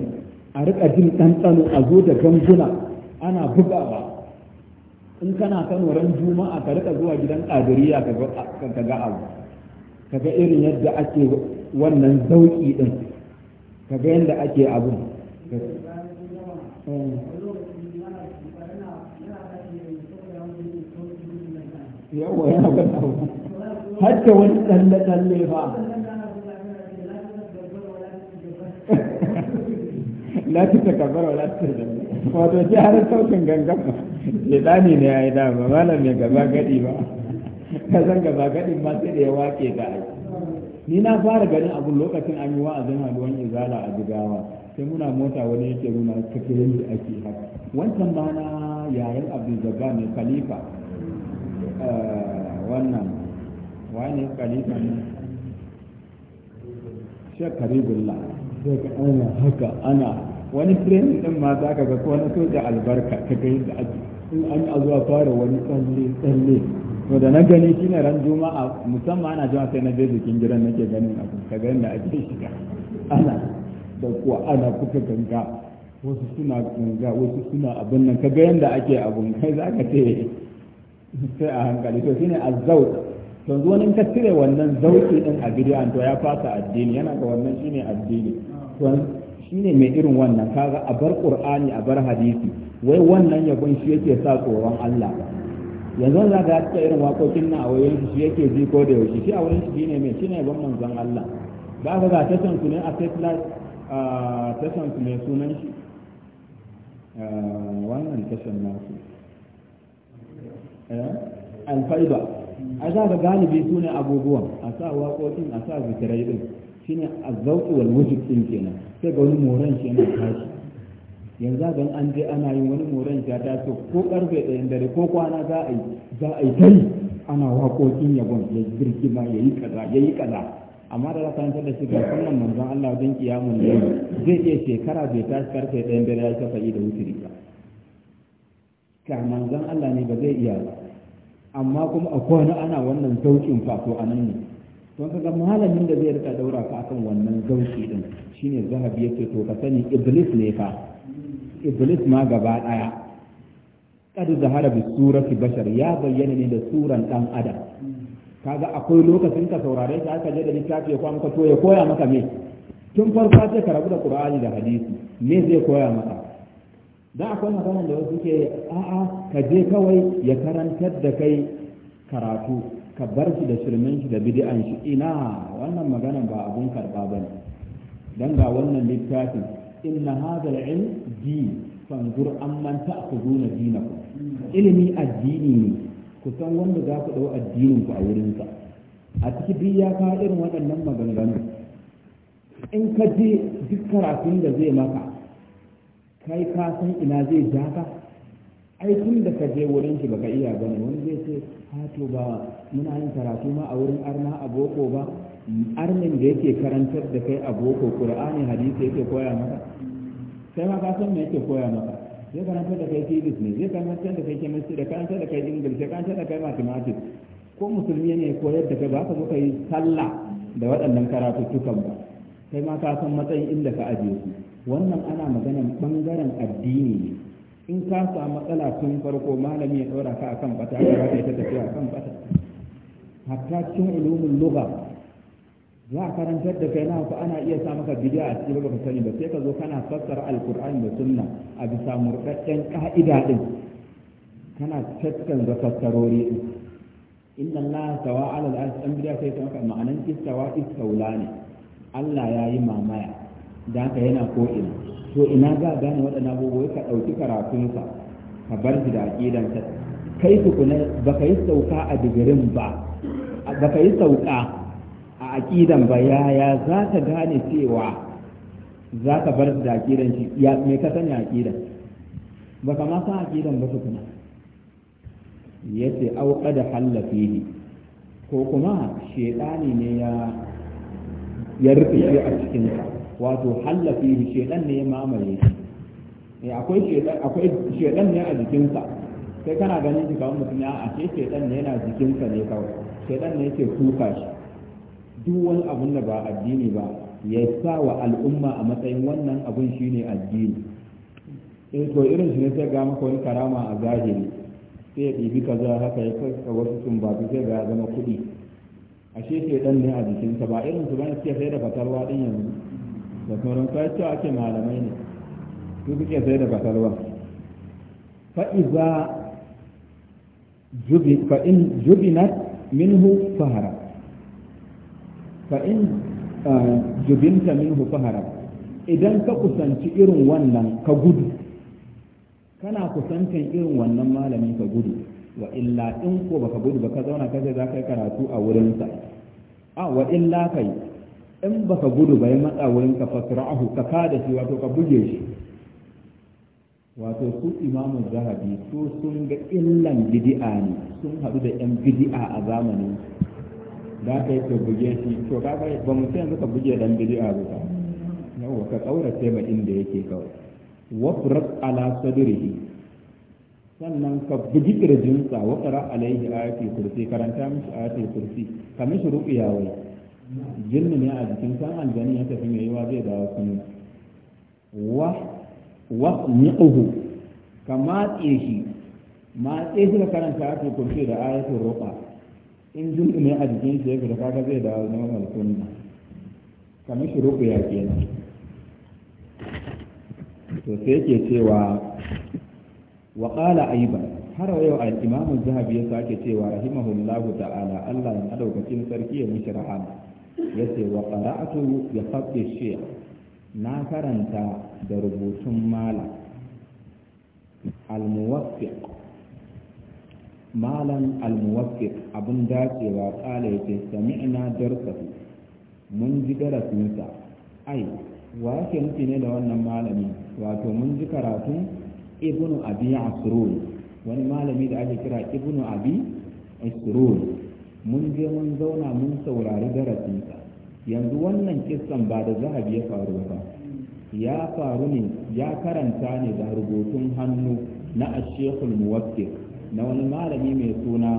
a riƙa jin ɗanɗano a zo da ganguna ana bugawa in kana kan ran juma'a ka riƙa zuwa gidan ƙadiriya ka ga abu ka ga irin yadda ake wannan zauki ɗin ka ga yadda ake abun abu hatta wani tsalle-tsalle fa lati ta takabara la ta wato ji har sautin gangan shaidani ne ya yi dama malam mai gaba gadi ba ka zan gaba gadi ma sai da ya wake da aiki ni na fara ganin abu lokacin an yi wa'azin haluwan izala a jigawa sai muna mota wani yake nuna kake yi ake haka wancan ma na yayin abdulzabba ne khalifa eh, wannan wani khalifa ne shekaribullah sai ka ana haka ana wani training din ma za ka ga ko na soja albarka ka ga yadda ake in an a zuwa fara wani tsalle tsalle to da na gani shine ran juma'a musamman ana jama'a sai na je jikin gidan nake ganin abu ka ganin da ake shiga ana da kuwa ana kuka ganga wasu suna ganga wasu suna abin nan ka ga yanda ake abu kai za ka ce sai a hankali to shine azzaud yanzu wani ka cire wannan zauki din a bidiyan to ya fasa addini yana ga wannan shine addini to shine mai irin wannan kaga a bar qur'ani a bar hadisi wai wannan yabon shi yake sa tsoron Allah yanzu za ka cika irin waƙoƙin na a wayoyin shi yake ji ko da yaushe shi a wurin shi ne mai shi ne ban manzon Allah ba ka ga tashan su ne a a tashan su ne sunan shi wannan tashan nasu eh? alfaiba a za ka galibi su ne abubuwan a sa waƙoƙin a sa zikirai din shi ne a zauƙi wal wujud din kenan sai ga wani moran shi yana tashi yanzu don an je ana yin wani moran ta taso ko karfe ɗayan dare ko kwana za a yi za a yi tai ana waƙoƙin yabon ya yi birgima ya yi kaza ya yi kaza amma da yanzu da ga kullum manzon Allah don kiyamun da zai iya shekara bai tashi karfe ɗayan dare ya kafa da wuturi ba ka manzon Allah ne ba zai iya ba amma kuma a kwana ana wannan zaukin fato a nan ne don kaga malamin da zai rika daura ka akan wannan zauki din shine zahabi yake to ka sani iblis ne fa iblis ma gaba ɗaya kad zahara bi surati bashar ya bayyana ne da suran dan adam kaga akwai lokacin ka saurare shi aka je da littafi ya kwamka to ya koya maka me tun farko sai ka rabu da qur'ani da hadisi me zai koya maka da akwai magana da wasu ke a ka je kawai ya karantar da kai karatu ka bar shi da shirmin shi da bid'an shi ina wannan magana ba abun karba bane dan ga wannan littafin inna hadha al-ilm din fanzur amman ta'khuduna dinakum ilimi addini ne ku san wanda za ku dau addinin ku a wurin sa a ciki duk ya ka irin waɗannan maganganu in ka je duk karatun da zai maka kai ka san ina zai ja ka ai tun da ka je wurin shi baka iya gani wani zai ce ha to ba muna yin karatu ma a wurin arna a boko ba arnin da yake karantar da kai a boko qur'ani hadisi yake koya maka kai ma ka san me yake koya maka zai karanta da kai physics ne zai karanta da kai chemistry da karanta da kai english da karanta da kai mathematics ko musulmi ne koyar da kai ba ka zo kai sallah da waɗannan karatuttukan ba kai ma ka san matsayin inda ka ajiye su wannan ana maganan bangaren addini ne in ka samu matsala tun farko malami ya ɗora ka akan bata ya ta tafiya akan bata hatta cikin ulumin lugha za a karantar da kai na ku ana iya sa maka bidiya a cikin baka sani ba sai ka zo kana fassara alkur'ani da sunna a bisa murɗaɗɗen ka'ida din kana da fassarori din inna allaha sawa ala al'arsh an bidiya sai ta maka ma'anan istawa istaulani Allah ya yi mamaya da haka yana ko ina to ina za gane waɗannan abubuwa ka ɗauki sa, ka bar shi da ka kai ku ne baka yi sauka a digirin ba baka yi sauka a aƙidan ba za ta gane cewa za ka bar da aƙidan shi ya me ka sani aƙidan ba ka ma san aƙidan ba tukuna ya ce auka da fili. ko kuma shaidani ne ya ya rufe shi a cikinsa wato fili shaidan ne ya mamaye shi eh, akwai shaidan ne a jikinsa sai kana ganin shi kawai mutum ya a ce shaidan ne yana jikinsa ne kawai shaidan ne yake kuka shi duk wani abun da ba addini ba ya sa wa al'umma a matsayin wannan abun shine addini eh to irin shi ne sai ga maka wani karama a zahiri sai ya ɗibi za haka ya kasa wasu sumbatu sai ga zama kuɗi a ke ɗan ne a jikinsa ba irin su bane suke sai da fatalwa ɗin yanzu da sauran sai cewa ake malamai ne su suke sai da fatalwa fa'iza jubinat minhu fahara fa in ah, jubinta minhu fahara idan ka kusanci irin wannan ka gudu kana kusantan irin wannan malami ka gudu wa illa in ko baka gudu baka zauna kace za ka yi karatu a wurinsa a wa illa kai in baka gudu bai matsa wurin ka fasra'ahu ka kada shi wato ka buge shi wato su imamu zahabi to sun ga illan bid'a ne sun hadu da yan bid'a a zamanin za ka yi ta buge shi to ka ga ba mu sai yanzu ka buge dan bid'a ba ka yawa ka kaurace ba inda yake kawai wafrat ala sadrihi sannan ka bugi sa wa qara alaihi ayati kursi karanta mishi ayati kursi ka mishi ruqiya wai jinni ne a jikin san aljani ya tafi mai yiwa zai dawo sun wa wa niquhu ka matse shi matse shi ka karanta ayati kursi da ayatul ruqa in jin ne a jikin shi ya fita kaga zai dawo normal sunna kamar shi ruku ya ke nan. to sai yake cewa wa qala har yau al-imamu zahabi ya sake cewa rahimahullahu ta'ala Allah ya madaukakin sarki ya mishi rahama yace wa qara'atu ya fadhi shi na karanta da rubutun mala al-muwaffiq malam al abun abin dacewa kala yace sami'na darsahu mun ji darasinsa ai wa yake nufi ne da wannan malami wato mun ji karatun ibnu abi asrul wani malami da ake kira ibnu abi asrul mun je mun zauna mun saurari darasinsa yanzu wannan kissan ba da zahabi ya faru ba ya faru ne ya karanta ne da rubutun hannu na ashekul muwakkil na wani malami mai suna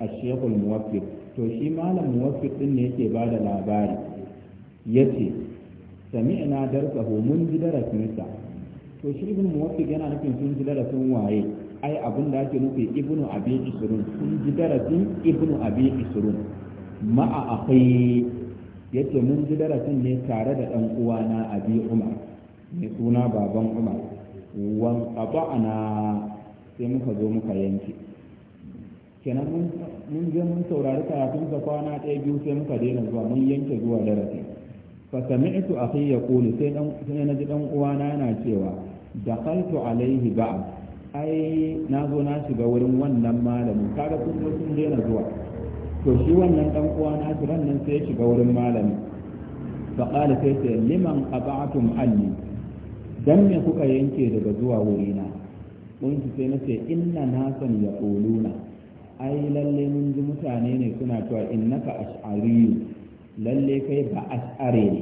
a shekul muwaffik to shi malam muwaffik din ne yake ba da labari ya ce ina darsahu mun ji darasinsa to shi ibn muwaffik yana nufin sun ji darasin waye ai abin da ake nufi ibnu abi isrun sun ji darasin ibnu abi isrun ma'a akwai yace mun ji darasin ne tare da dan uwana abi umar mai suna baban umar wan qaba'na sai muka zo muka yanke kenan mun je mun saurari karatun ka kwana ɗaya biyu sai muka daina zuwa mun yanke zuwa darasi fa sami'tu akhi yaqulu sai dan sai naji dan uwana yana cewa dakhaltu alaihi ba'd ai na zo na shiga wurin wannan malamin kaga kun sun daina zuwa to shi wannan dan uwana ran nan sai ya shiga wurin malamin fa qala sai sai liman aba'tum anni dan me kuka yanke daga zuwa wurina kuntu sai nace inna nasan ya quluna ai lalle mun ji mutane ne suna cewa innaka ash'ari lalle kai ba ash'ari ne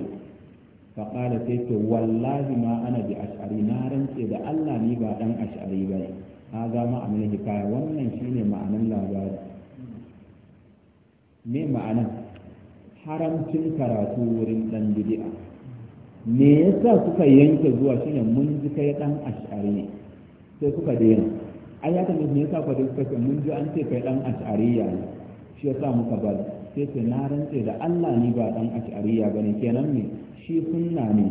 fa qala sai to wallahi ma ana bi ash'ari na rance da Allah ni ba dan ash'ari bane ma amin hikaya wannan shine ma'anan labari me ma'anan haramcin karatu wurin dan bid'a me yasa kuka yanke zuwa shine mun ji kai dan ash'ari ne sai suka daina ai ya tambaye ne yasa kwadin suka mun ji an ce kai dan ash'ariya ne shi yasa muka bari sai ce na rantse da Allah ni ba dan ash'ariya bane kenan ne shi sunna ne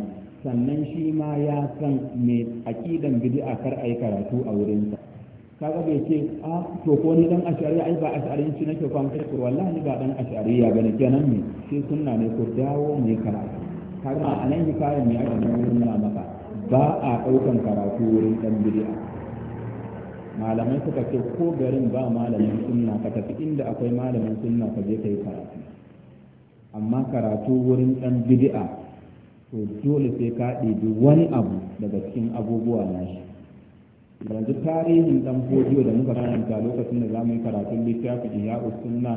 sannan shi ma ya san me aqidan bid'a kar ai karatu a wurin sa kaga bai ce a to ko ni dan ash'ariya ai ba ash'ariyin shi nake kwan kai wallahi ba dan ash'ariya bane kenan ne shi sunna ne ko dawo ne karatu kaga anan kayan me aka nuna maka ba a ɗaukan karatu wurin ɗan bid'a malamai suka ce ko garin ba malamin sunna ka tafi inda akwai malamin sunna ka je ka yi karatu amma karatu wurin ɗan bid'a to dole sai ka ɗebi wani abu daga cikin abubuwa na shi yanzu tarihin ɗan fodiyo da muka karanta lokacin da za mu yi karatun littafin iya sunna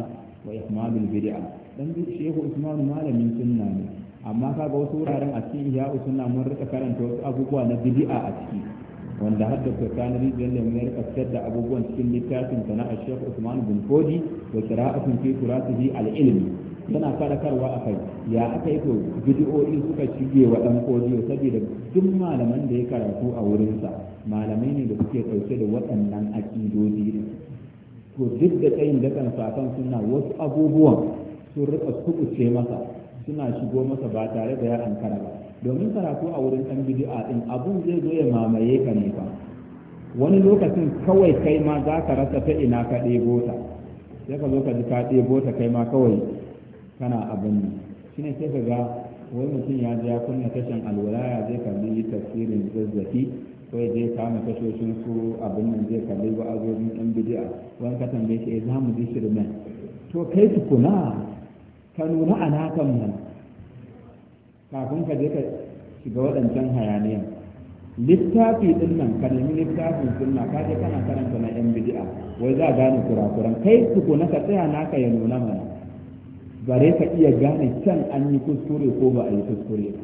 wa ihmalul bid'a dan shehu usman malamin sunna ne amma kaga wasu wuraren a cikin iya sunna mun rika karanta wasu abubuwa na bid'a a ciki wanda hadda tsakanin rijiyar da mai fitar da abubuwan cikin littafin sana a usman bin kodi da kira'atun fi kurasihi al-ilmi yana faɗakarwa a kai ya aka yi to bidiyoyi suka shige wa dan kodiyo saboda duk malaman da ya karatu a wurinsa malamai ne da suke ɗauke da waɗannan aƙidodi ne to duk da tsayin da kan suna wasu abubuwan sun rika kuɓuce masa suna shigo masa ba tare da ya ankara ba domin karatu a wurin ɗan bidi'a ɗin abun zai zo ya mamaye ka ne fa wani lokacin kawai kai ma za ka rasa ta ina ka ɗebo ta sai ka zo ka ji ka ɗebo ta kai ma kawai kana abin ne shi ne sai ka ga wai mutum ya ji ya kunna tashin alwalaya zai kalli tafsirin zazzafi ko ya je kama tashoshin su abin nan zai kalli wa'azozin ɗan bidi'a wani ka tambaye shi eh, za mu ji shirmen to kai tukuna ka nuna a nakan mana kafin ka je ka shiga waɗancan hayaniyan littafi ɗin nan ka nemi littafin sunna ka je kana karanta na yan bid'a wai za a gane kurakuran kai su na ka tsaya naka ya nuna mana bare ka iya gane can an yi kuskure ko ba a yi kuskure ba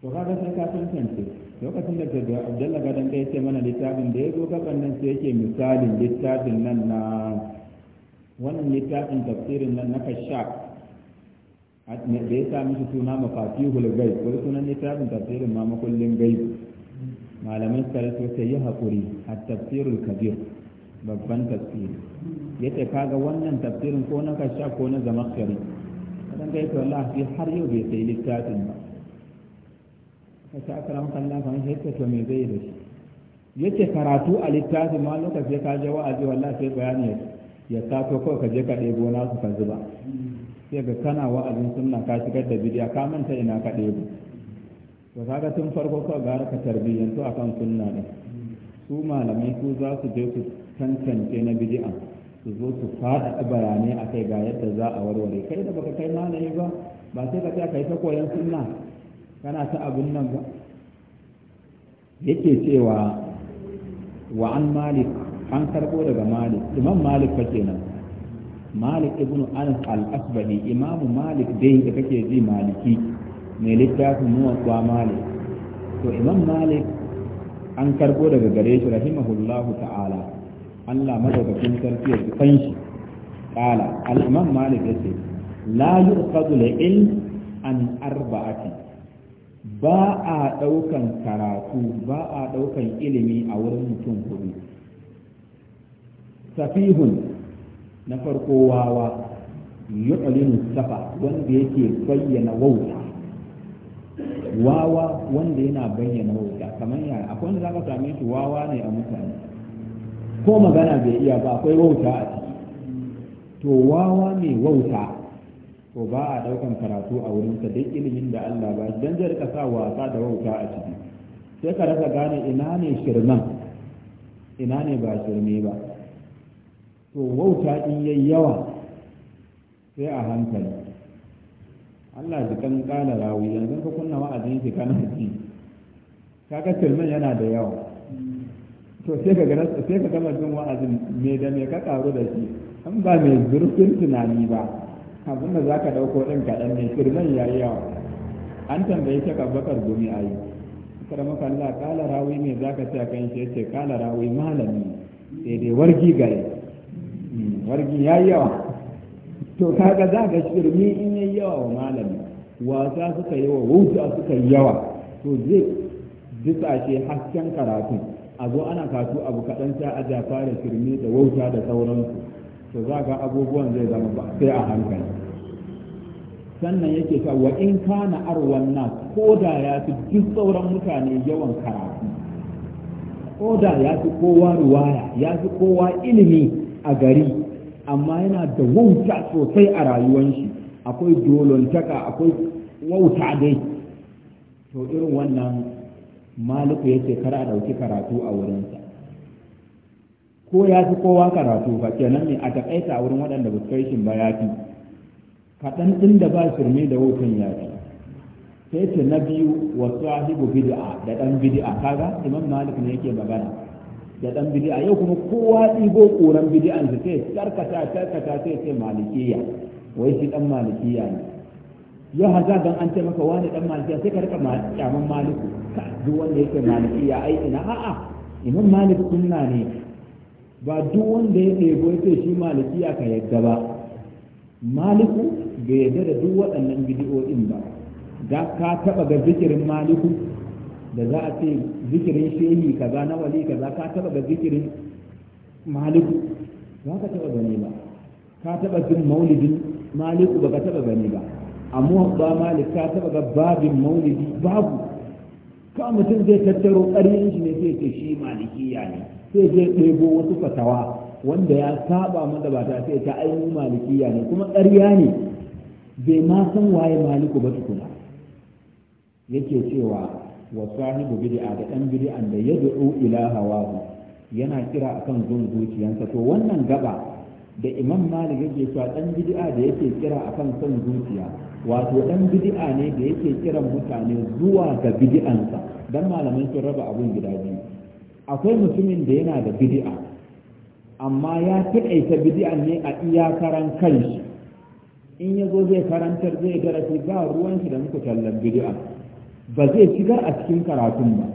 to kaga sai ka tantance lokacin da da abdullahi gadon da ya mana littafin da ya zo gaban nan sai yake misalin littafin nan na wannan littafin tafsirin nan na kashaf da ya sa musu suna mafatihul gaib wani sunan littafin tafsirin ma makullin gaib malaman sarrafa sai yi haƙuri a tafsirul kabir babban tafsiri ya ce kaga wannan tafsirin ko na kasha ko na zama kari kadan ga yake wallahi har yau bai sai littafin ba ka ta akara maka Allah kan shi to me zai da shi yace karatu a littafin ma lokaci ka je wa'azi wallahi sai bayani ya to kawai ka je ka ɗebo na su ka zuba sai ga kana wa'azin sunna ka shigar da bidiya ka manta ina ka ɗebe to kaga tun farko ka gara ka tarbiyyantu akan sunna ɗin su malamai su za su je ku tantance na bidi'a su zo su faɗa bayanai a kai ga yadda za a warware kai da baka kai malami ba ba sai ka tsaya kai ta koyan sunna kana ta abin nan ba yake cewa wa an malik an karɓo daga malik imam malik fa kenan malik ibn anas al-asbani imamu malik dai da kake ji maliki mai littafin malik to imam malik an karbo daga gare shi rahimahullahu ta'ala Allah madaukakin sarki ya kan shi qala malik yace la yuqadu al-ilm an arba'ati ba a daukan karatu ba a ɗaukan ilimi a wurin mutum hudu safihun na farko wawa yu'linu safa wanda yake bayyana wauta wawa wanda yana bayyana wauta kamar ya akwai wanda zaka same shi wawa ne a mutane ko magana bai iya ba akwai wauta a ciki to wawa mai wauta to ba a daukan karatu a wurinsa duk ilimin da Allah ba dan zai rika sa wasa da wauta a ciki sai ka rasa gane ina ne shirman ina ne ba shirme ba to wauta in yayi yawa sai a hankali Allah ji kan kala rawi yanzu ka kunna wa'azin shi kana ji kaga tilmin yana da yawa to sai ka sai ka gama jin wa'azin me da me ka karu da shi an ba mai zurfin tunani ba abin da zaka dauko din kaɗan ne firman yayi yawa an tambaye ka bakar gumi ayi kada maka Allah kala rawi me zaka ce kan shi yace kala rawi malami sai dai wargi gare wargin ya yi yawa to kaga za ka shirmi in yi yawa wa malami wasa suka yi wa wuta suka yi yawa to zai ce hasken karatun a zo ana kasu abu kaɗan sai a ja fara shirmi da wauta da sauransu to za ga abubuwan zai zama ba sai a hankali sannan yake sa wa in kana arwan na ko da ya fi duk sauran mutane yawan karatu ko da ya fi kowa ruwaya ya fi kowa ilimi a gari amma yana da wauta sosai a rayuwar shi akwai dolontaka akwai wauta dai to irin wannan maliku yake kar a dauki karatu a wurinsa ko ya fi kowa karatu ba kenan ne a takaita a wurin waɗanda ba su kai shi ba ya fi kaɗan ɗin da ba shirme da wautan ya fi sai ce na biyu wa sahibu bid'a da ɗan bid'a kaga imam malik ne yake magana da dan bid'a yau kuma kowa ɗigo ƙoran bid'a su sai karkata karkata sai sai malikiya wai shi dan malikiya ne yau haza dan an ce maka wani dan malikiya sai ka rika kyaman maliku ka duk wanda yake malikiya ai ina a'a imam malik sunna ne ba duk wanda ya ɗebo ya ce shi malikiya ka yadda ba maliku bai yadda da duk waɗannan bid'o'in ba da ka taɓa ga zikirin maliku da za a ce zikirin shehi kaza na wali kaza ka taba ga zikirin maliku ba ka taba gani ba ka taba jin maulidin maliku ba ka taba gani ba amma ba malik ka taba ga babin maulidi babu ka mutum zai tattaro ƙaryen shi ne sai ce shi malikiya ne sai zai ɗebo wasu fatawa wanda ya saba ta sai ta ainihin malikiya ne kuma ƙarya ne bai ma san waye maliku ba tukuna yake cewa wa sahibu bid'a da dan bid'an da yad'u ila hawahu yana kira akan zun zuciyansa to wannan gaba da imam malik yake cewa dan bid'a da yake kira akan zun zuciya wato dan bid'a ne da yake kiran mutane zuwa ga bid'ansa dan malamai sun raba abun gida biyu akwai mutumin da yana da bid'a amma ya taƙaita bid'an ne a iya karan kanshi in ya zo zai karantar zai darasi ba ruwan shi da muku tallan bid'a ba zai shigar a cikin karatun ba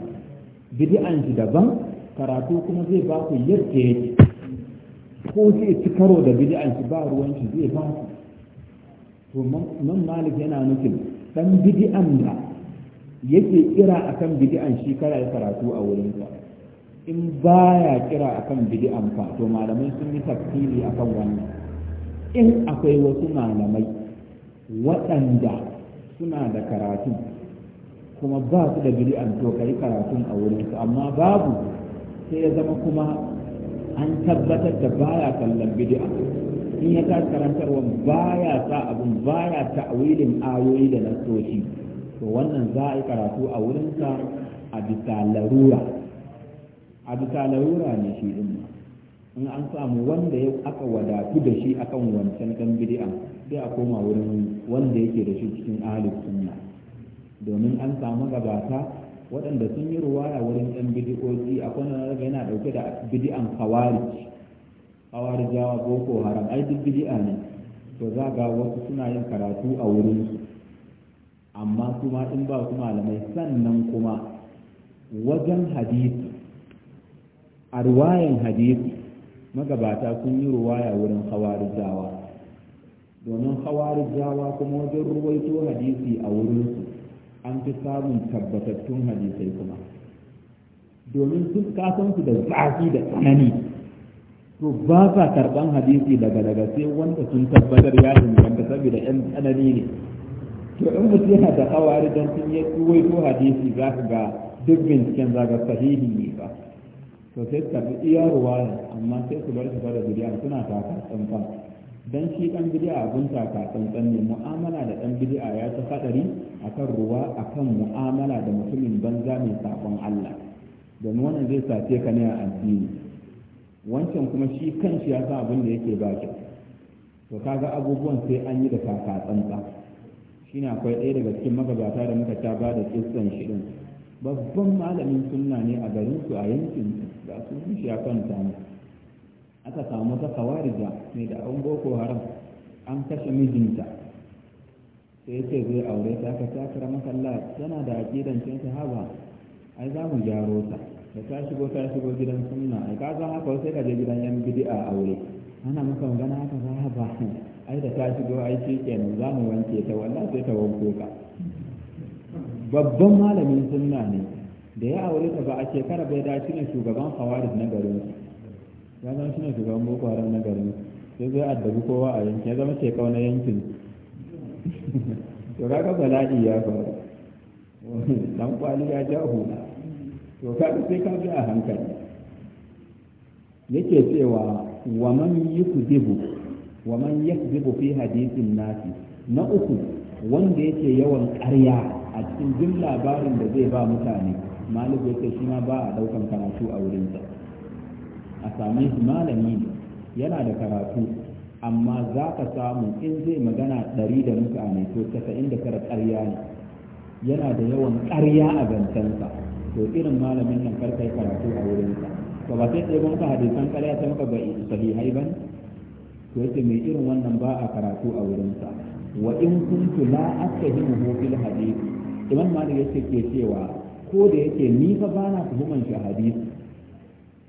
bidi'an shi daban karatu kuma zai ba ku yadda ya ce ko zai ci karo da bidi'an shi ba ruwan shi zai ba ku to man malik yana nufin dan bidi'an da yake kira akan bidi'an shi kana karatu a wurin ka in baya kira akan bidi'an fa to malamai sun yi tafsiri akan wannan in akwai wasu malamai waɗanda suna da karatu kuma ba su da bid'an to kai karatun a wurin su amma babu sai ya zama kuma an tabbatar da baya kallon bid'a in ya ta karantarwa baya sa abun baya ta'awilin ayoyi da nasoshi to wannan za a yi karatu a wurin sa a bisa larura a bisa larura ne shi din in an samu wanda ya aka wadatu da shi akan wancan dan bid'a sai a koma wurin wanda yake da shi cikin ahlus sunna domin an samu gabata waɗanda sun yi ruwaya wurin yan bidi'o'i akwai kwanan raga yana ɗauke da bidi'an khawarij jawa boko haram ai duk bidi'a ne to za ga wasu suna yin karatu a wurin amma kuma in ba su malamai sannan kuma wajen hadisi a ruwayan hadisi magabata sun yi ruwaya wurin jawa domin jawa kuma wajen ruwaito hadisi a wurinsu an fi samun tabbatattun hadisai kuma domin sun kasan su da zafi da tsanani to ba sa karɓan hadisi daga daga sai wanda sun tabbatar ya inganta saboda yan tsanani ne to in mutum yana da hawari don sun yi tuwaito hadisi za ka ga duk binciken za ka sahihi ne ba to sai ka bi iya ruwa amma sai su bar shi fara zuriya suna taka tsantsan dan shi dan bid'a abun taka tsantsan ne mu'amala da ɗan bid'a ya ta fadari akan ruwa akan mu'amala da mutumin banza mai saƙon Allah Da wannan zai sace ka ne a addini wancan kuma shi kanshi ya san abin da yake ba ki to kaga abubuwan sai an yi da kaka tsantsa shine akwai ɗaya daga cikin magabata da muka ta ba da kissan shi din babban malamin sunna ne a garin su a yankin da su shi ya kwanta ne aka samu ta kawarija mai da an boko haram an kashe mijinta sai ce zai aure ta aka takara makalla tana da aƙidan cin sahaba ai za mu gyaro ta da ta shigo ta shigo gidan sunna ai ka zan haka sai ka je gidan yan a aure ana maka magana haka za a ba ai da ta shigo ai shi kenan za mu wanke ta wallahi sai ta wanko ka babban malamin sunna ne da ya aure ta ba a shekara bai dace ne shugaban khawarij na garin ya zama shi ne shugaban boko haram na garin sai zai addabi kowa a yankin ya zama shekau na yankin to kaga bala'i ya faru dan kwali ya ja hula to kaga sai ka bi a hankali yake cewa wa man zibu wa man zibu fi hadithin nasi na uku wanda yake yawan ƙarya a cikin jin labarin da zai ba mutane malik yake shi ma ba a ɗaukan karatu a wurinsa a same shi malami ne yana da karatu amma za ka samu in zai magana ɗari da mutane to casa'in da tara ƙarya ne yana da yawan ƙarya a zancensa to irin malamin nan karkai karatu a wurinsa to ba sai ɗaya ka hadisan ƙarya ta maka bai hai ba to yace mai irin wannan ba a karatu a wurinsa wa in kuntu la astahimu fil hadisi imam malik yake ke cewa ko da yake ni fa bana tuhuman shi hadisi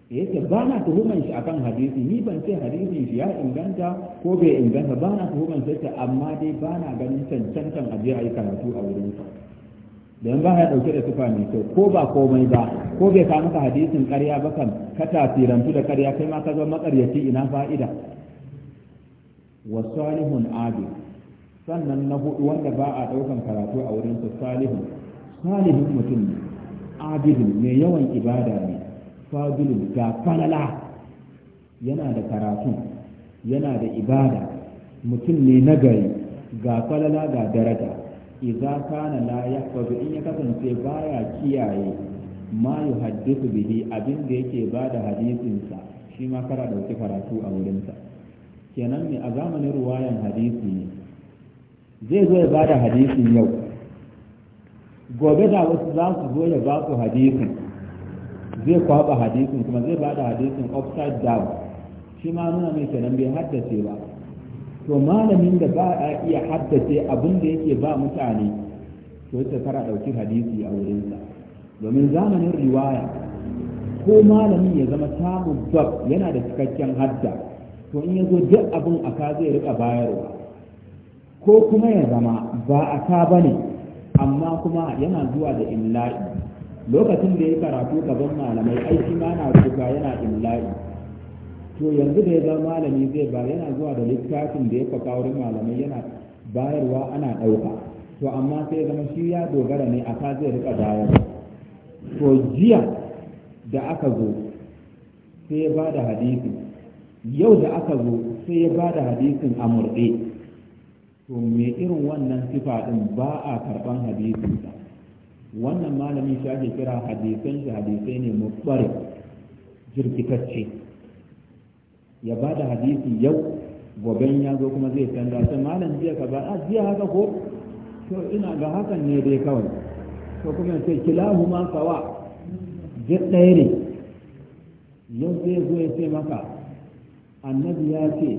yake ba na tuhuman shi akan hadisi ni ban ce hadisi shi ya inganta ko bai inganta ba na tuhuman shi ta amma dai ba na ganin cancantan aje a yi karatu a wurin sa don ba ya dauke da tufa mai kyau ko ba komai ba ko bai ka maka hadisin karya ba kan ka tafirantu da karya kai ma ka zama maƙaryaci ina fa'ida wa salihun abid sannan na hudu wanda ba a daukan karatu a wurin sa salihun salihin mutum ne abidin mai yawan ibada ne fadilun ga falala yana da karatu yana da ibada mutum ne nagari ga falala ga daraja idza kana la fadu in ya kasance baya kiyaye ma yuhaddithu bihi abin da yake bada hadisinsa sa shi ma kara dauki karatu a wurin kenan ne a zamanin ruwayan hadisi ne zai zo ya bada hadisin yau gobe da wasu za su zo ya ba su hadisin zai kwaba hadisin kuma zai bada hadisin upside down shi ma nuna mai kenan bai haddace ba to malamin da ba a iya haddace abin da yake ba mutane to sai a dauki hadisi a wurinsa domin zamanin riwaya ko malamin ya zama samun bab yana da cikakken hadda to in ya zo duk abin aka zai rika bayarwa ko kuma ya zama ba a ka ne amma kuma yana zuwa da imla'i lokacin da ya karatu gaban malamai aiki ma na kuka yana imla'i to yanzu da ya zama malami zai ba yana zuwa da littafin da ya faka wurin malamai yana bayarwa ana ɗauka to amma sai ya zama shi ya dogara ne a ka zai rika bayar to jiya da aka zo sai ya ba da hadisi yau da aka zo sai ya ba da hadisin a murɗe to me irin wannan sifa ɗin ba a karɓan hadisinsa wannan malami shi ake kira hadisan shi hadisai ne mutsari jirkitacce ya ba da hadisi yau goben ya zo kuma zai canza sai malam jiya ka ba a ah, jiya haka ko to ina ga hakan ne dai kawai to kuma sai kilahu ma sawa duk ɗaya ne yau sai zo ya ce maka annabi ya ce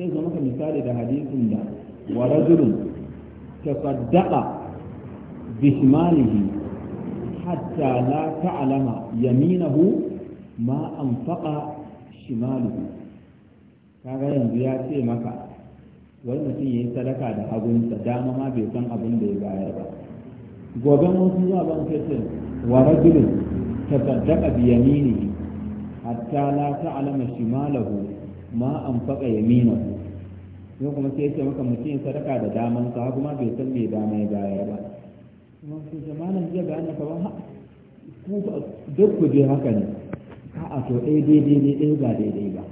sai zo maka misali da hadisin da wa rajulun بشماله حتى لا تعلم يمينه ما أنفق shimaluhu kaga yanzu ya ce maka wani mutum ya yi sadaka da sa, dama ma bai san abin da ya bayar ba gobe wasu zuwa ban ce wa rajulun tasaddaqa bi yaminihi hatta la ta'lama shimalahu ma an anfaqa yaminahu yau kuma sai ya ce maka mutum ya sadaka da daman sa, hagu ma bai san me dama ya bayar ba wato zamanin jiya ba ku dukku je haka ne a to ɗaya daidai ba daidai ba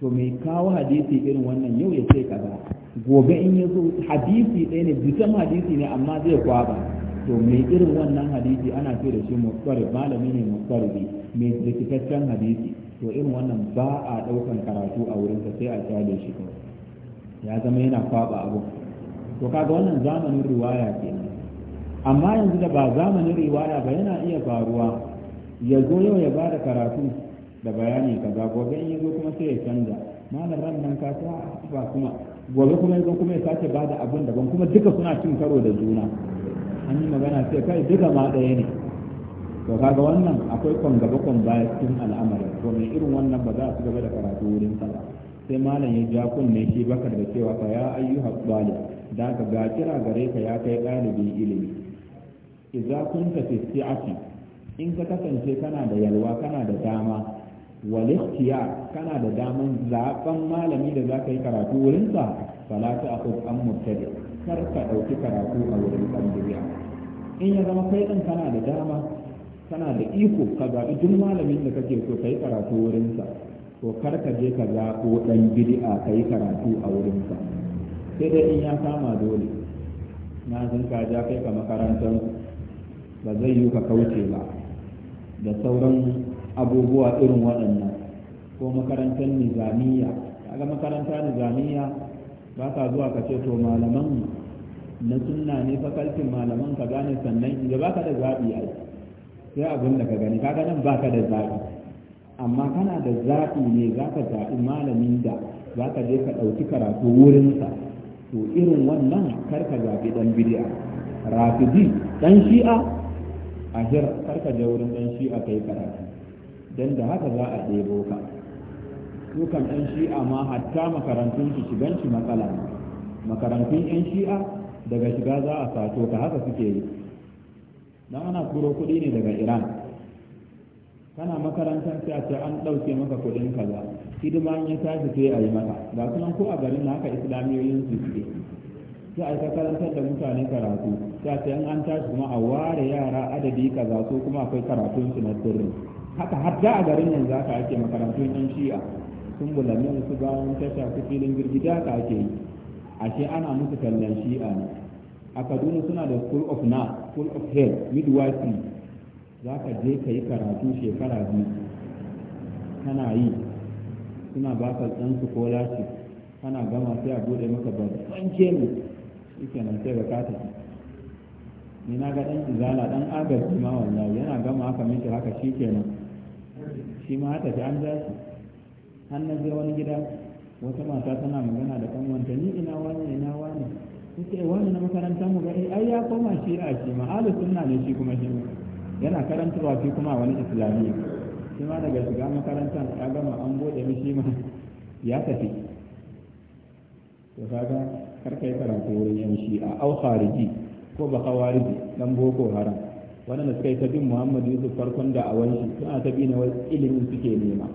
to mai kawo hadisi irin wannan yau ya ce kaza gobe in ya zo hadisi ɗaya ne bisan hadisi ne amma zai kwaba to mai irin wannan hadisi ana ce da shi mutsari malami ne mutsari mai rikitaccen hadisi to irin wannan ba a ɗaukan karatu a wurin ka sai a kyale shi kawai ya zama yana kwaba abu to kaga wannan zamanin riwaya kenan amma yanzu da ba zamanin riwaya ba yana iya faruwa ya zo yau ya bada karatu da bayani kaza gobe in yazo kuma sai ya canza malam ran nan ka ta ba kuma gobe kuma yazo kuma ya sake bada abin daban kuma duka suna cin karo da juna an yi magana sai kai duka ma ɗaya ne to kaga wannan akwai kon gaba kon baya cikin al'amarin to mai irin wannan ba za a ci gaba da karatu wurin sa ba sai malam ya ja kunne shi bakar da cewa fa ya ayyuha da ka ga kira gare ka ya kai ɗalibi ilimi idza kunta fi si'ati in ka kasance kana da yalwa kana da dama wal ikhtiyar kana da daman zaben malami da zaka yi karatu wurin sa fala ta akhud an mubtadi kar ka dauki karatu a wurin dan in ya zama kai din kana da dama kana da iko ka zaɓi duk malamin da kake so kai karatu wurin sa to kar ka je ka zabo dan bid'a kai karatu a wurin sa sai dai in ya kama dole na san ka ja kai ka makarantar ba zai yi ka kauce ba da sauran abubuwa irin waɗannan ko makarantar nizamiya kaga makaranta nizamiya ba ka zuwa ka ce to malaman na sunna ne fakaltin malaman ka gane sannan da ba ka da zaɓi ai sai abin da ka gani kaga nan ba ka da zaɓi amma kana da zaɓi ne za ka zaɓi malamin da za ka je ka ɗauki karatu wurinsa to irin wannan kar ka zaɓi ɗan bidi'a rafidi ɗan shi'a ahir karka je wurin shi shi'a kai karatu don da haka za a ɗebo ka su kan ɗan shi'a ma hatta makarantun shi shigan shi matsala makarantun 'yan shi'a daga shiga za a sato ka haka suke yi dan ana turo kuɗi ne daga iran kana makarantar sai a ce an ɗauke maka kuɗin kaza hidima ya tashi sai a yi maka ga sunan ko a garin na haka islamiyoyin su suke sai a ta karantar da mutane karatu sai a an tashi kuma a ware yara adadi kaza so kuma akwai karatun su na sirri haka har da a garin yanzu za ka ake makarantun yan shi'a sun bulamin su bayan tasha su filin girgida ka ake yi ashe ana musu kallon shi'a ne a kaduna suna da school of na school of health midwifery za ka je ka yi karatu shekara biyu kana yi suna baka ɗan tsansu ko kana gama sai a bude maka tsanke mu. yake nan sai baka ta ni na ga dan izala dan agaji ma wallahi yana gama haka miki haka shikenan shi ma ta ji an zasu an na je wani gida wata mata tana magana da kanwanta ni ina wani ina wani sai wani na makarantar mu ga eh, ai ya koma shi a shi ma ahlus sunna ne shi kuma shi yana karantarwa shi kuma wani islamiyya shi ma daga shiga makarantar ya gama an bude mishi ma ya tafi to kaga kar kai karatu wurin yan a au khariji ko ba khawariji dan boko haram wannan suka yi ta bin Muhammad Yusuf farkon da awan shi suna ta bi na ilimin suke nema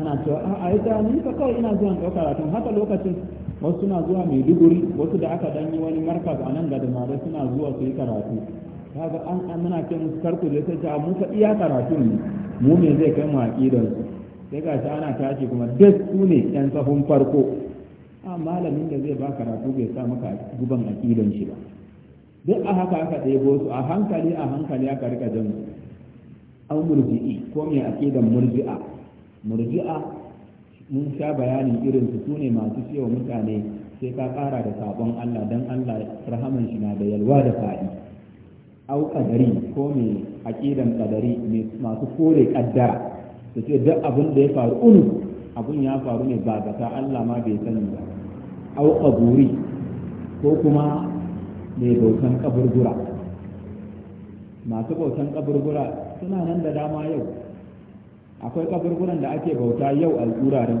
ana cewa a ah, a ita ni fa kawai ina zuwa ɗaukar karatun haka lokacin wasu suna zuwa Maiduguri wasu da aka danyi wani markaz a nan ga Dumare suna zuwa su yi karatu kaga an an muna ce musu karku da sai ta mu fa iya karatun ne mu me zai kai mu aqidan sai ga ana tashi kuma duk su ne yan sahun farko a malamin da zai ba karatu bai sa maka guban aƙidan shi ba duk a haka aka ɗebo su a hankali a hankali aka rika jan an murji'i ko mai aƙidan murji'a murji'a mun sha bayanin irin su sune masu cewa mutane sai ka ƙara da sabon Allah dan Allah rahaman shi na da yalwa da fa'i au kadari ko mai aƙidan kadari masu kore kaddara su ce duk abin da ya faru unu abun ya faru ne ba zata Allah ma bai sani ba au kaburi ko kuma mai bautan kaburbura masu bautan kaburbura suna nan da dama yau akwai kaburburan da ake bauta yau a wuraren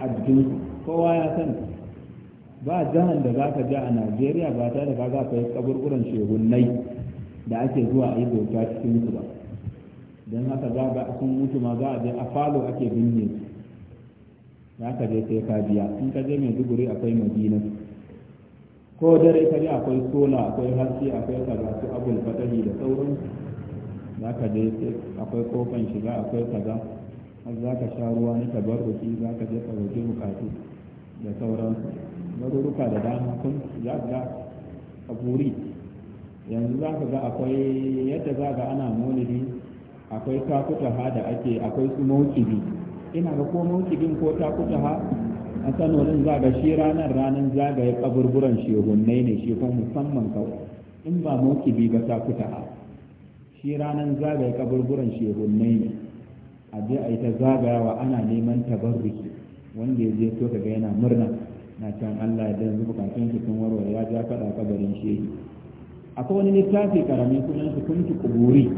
arzikinsu kowa ya sani ba jihar da za ka a najeriya ba ta da kaga kai kaburburan shehunnai da ake zuwa a yi bauta cikin su ba don haka za ga sun mutu ma za a je a falo ake binne su ya ka je sai ka biya in ka je duguri akwai madina ko dare ka je akwai sola akwai haske akwai kaza su abul fatahi da sauran za ka je sai akwai kofan shiga akwai kaza har za ka sha ruwa na tabarruki za ka je ka roƙi bukatu da sauran garuruka da dama kun za ga a buri yanzu za ka ga akwai yadda za ga ana molidi akwai kakuta da ake akwai su mawukibi ina ga ko maukidin ko ta kuta ha a sanonin zaga shi ranar ranar zagaye kaburburan shehunnai ne shi kuma musamman kawai in ba mokibi ba ta kuta ha shi ranar zagaye kaburburan shehunnai ne a je a yi ta zagayawa ana neman tabarruki wanda ya je so ka ga yana murna na can Allah ya dan zuba shi sun warware ya ja fada kabarin shehi akwai wani littafi karami sunan shi ki kuburi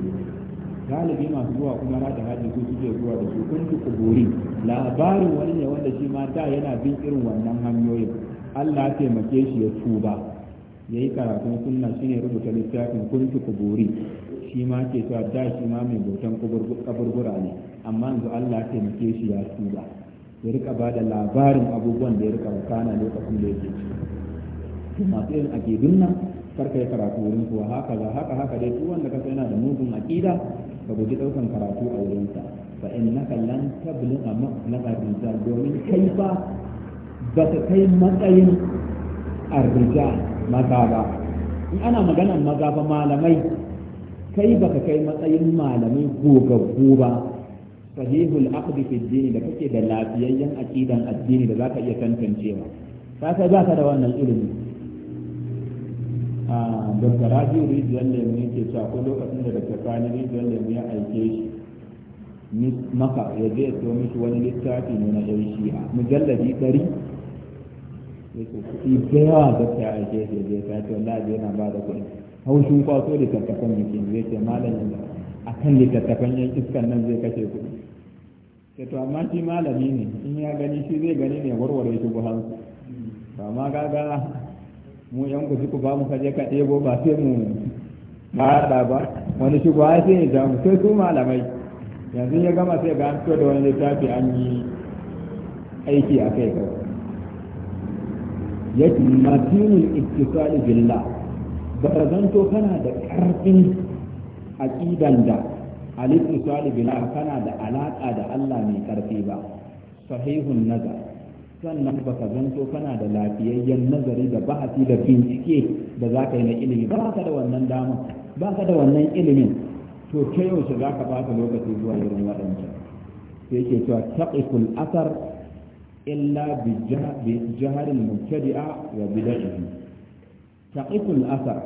galibi masu zuwa kuma da haji su suke zuwa da su kun kuburi labarin wani ne wanda shi ma da yana bin irin wannan hanyoyin Allah taimake shi ya tuba yayi karatun sunna shine rubuta littafin kun kuburi shi ma ke cewa da shi ma mai bautan kaburbura ne amma yanzu Allah taimake shi ya tuba ya rika ba da labarin abubuwan da ya rika kana lokacin da yake ci masu irin akidun nan karka ya karatu wurin kuwa haka za haka haka dai duk wanda kasa yana da mugun akida ka guji ɗaukan karatu a wurinsa fa naka lan a mablaga rijal domin kai ba ba ka kai matsayin arrijal maza ba in ana maganan maza ba malamai kai ba ka kai matsayin malamai gogaggu ba sahihul aqdi fi dini da kake da lafiyayyen aƙidan addini da zaka iya tantancewa ka sai ba ka da wannan ilimi dr rajiyu rijiyar lemu yake cewa ko lokacin da dr sani rijiyar lemu ya aike shi maka ya je ya mishi wani littafi ne na yan shi'a mujalladi ɗari ya ce kuɗi da yawa gaskiya aike shi ya je ta ce wallahi yana ba da kuɗi haushin kwaso littattafan yake zai ce malamin a kan littattafan yan iskan nan zai kashe kuɗi ce to amma shi malami ne in ya gani shi zai gani ne warware shi buhansu to amma gaga mu yan ku ku ba mu kaje ka ɗebo ba sai mu haɗa ba wani ba sai ya sai su malamai yanzu ya gama sai ga an da wani littafi an yi aiki a kai kawai ya ce matinin iktisali billah ba zanto kana da ƙarfin aƙidan da al-iktisali billah kana da alaƙa da Allah mai ƙarfi ba sahihun nazar sannan ba ka zanto kana da lafiyayyen nazari da bahasi da bincike da za ka yi na ilimi ba ka da wannan dama ba ka da wannan ilimin to ta yaushe za ka baka lokaci zuwa irin waɗancan sai ke cewa taqiful asar illa bi jahalin mubtadi'a wa bid'ihi taqiful asar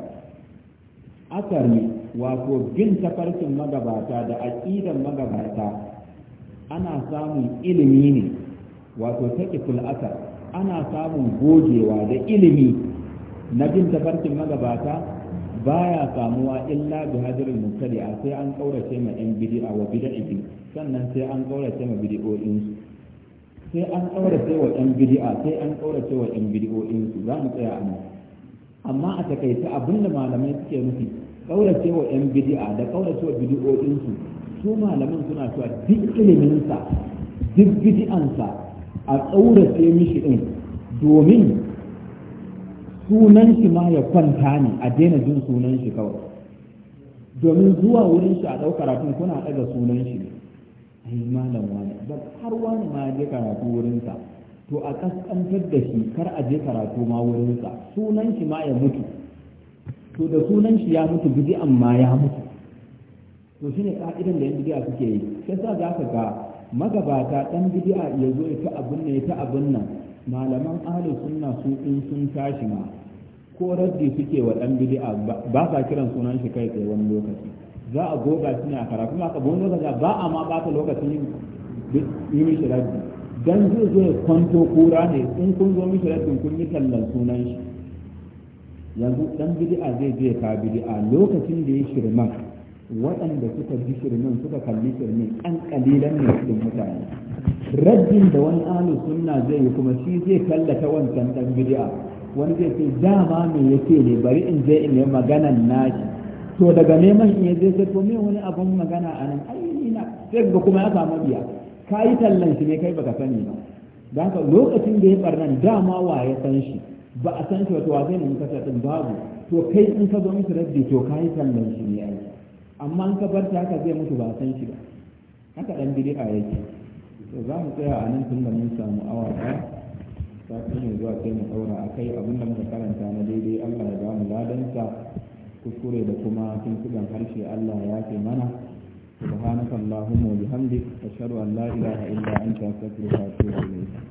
asar ne wato bin tafarkin magabata da aqidan magabata ana samun ilimi ne wato take kula asar ana samun gogewa da ilimi na bin tafarkin magabata baya samuwa illa bi hadirin mubtadi'a sai an kaurace ma yan bid'a wa bid'ati sannan sai an kaurace ma bid'o'in sai an kaurace wa yan bid'a sai an kaurace wa yan bid'o'in su za mu tsaya anan amma a takaice abinda malamai suke nufi kaurace wa yan bid'a da kaurace wa bid'o'in su su malamin suna cewa duk iliminsa duk bid'ansa a tsaurace mishi ɗin domin sunan shi ma ya kwanta ne a daina jin sunan shi kawai domin zuwa wurin shi a ɗau karatun kuna ɗaga sunan shi ne ai malam wani ba har wani ma je karatu wurinsa to a kaskantar da shi kar a je karatu ma wurinsa sunan shi ma ya mutu to da sunan shi ya mutu bidi'an amma ya mutu to shine ka'idan da yan bidi'a suke yi sai sa za ka ga magabata dan bid'a ya zo ya ta abin nan ya ta abin nan malaman ahli sunna su in sun tashi ma ko raddi suke wa dan bid'a ba sa kiran sunan shi kai tsaye wani lokaci za a goga shi ne a karatu ma ka wani lokaci ba a ma ba lokacin yi mishi raddi dan zai zo ya kwanto kura ne in kun zo mishi raddin kun yi tallan sunan shi yanzu dan bid'a zai je ka bid'a lokacin da ya shirman waɗanda suka ji shirmin suka kalli shirmin ɗan ƙalilan ne cikin mutane rajin da wani ahlu sunna zai yi kuma shi zai kallata wancan ɗan bid'a wani zai ce dama me yake ne bari in je in yi maganan naki? to daga neman in zai ce to me wani abun magana a nan ai na, sai ga kuma ya samu biya kayi tallan shi ne kai baka sani ba da haka lokacin da ya barnan dama wa ya san shi ba a san shi wato wa zai nemi kasa din babu to kai in ka zo musu rabbi to kayi tallan shi ne ai amma an ka barta haka zai mutu ba san shi ba haka dan bid'a yake to za mu tsaya a nan tun da mun samu awa ta ta ne zuwa sai mu ɗaura a kai abinda muka karanta na daidai Allah ya ba mu ladanta kuskure da kuma kudan harshe Allah ya ce mana subhanakallahumma wa bihamdik ashhadu an la ilaha illa anta astaghfiruka wa atubu ilayk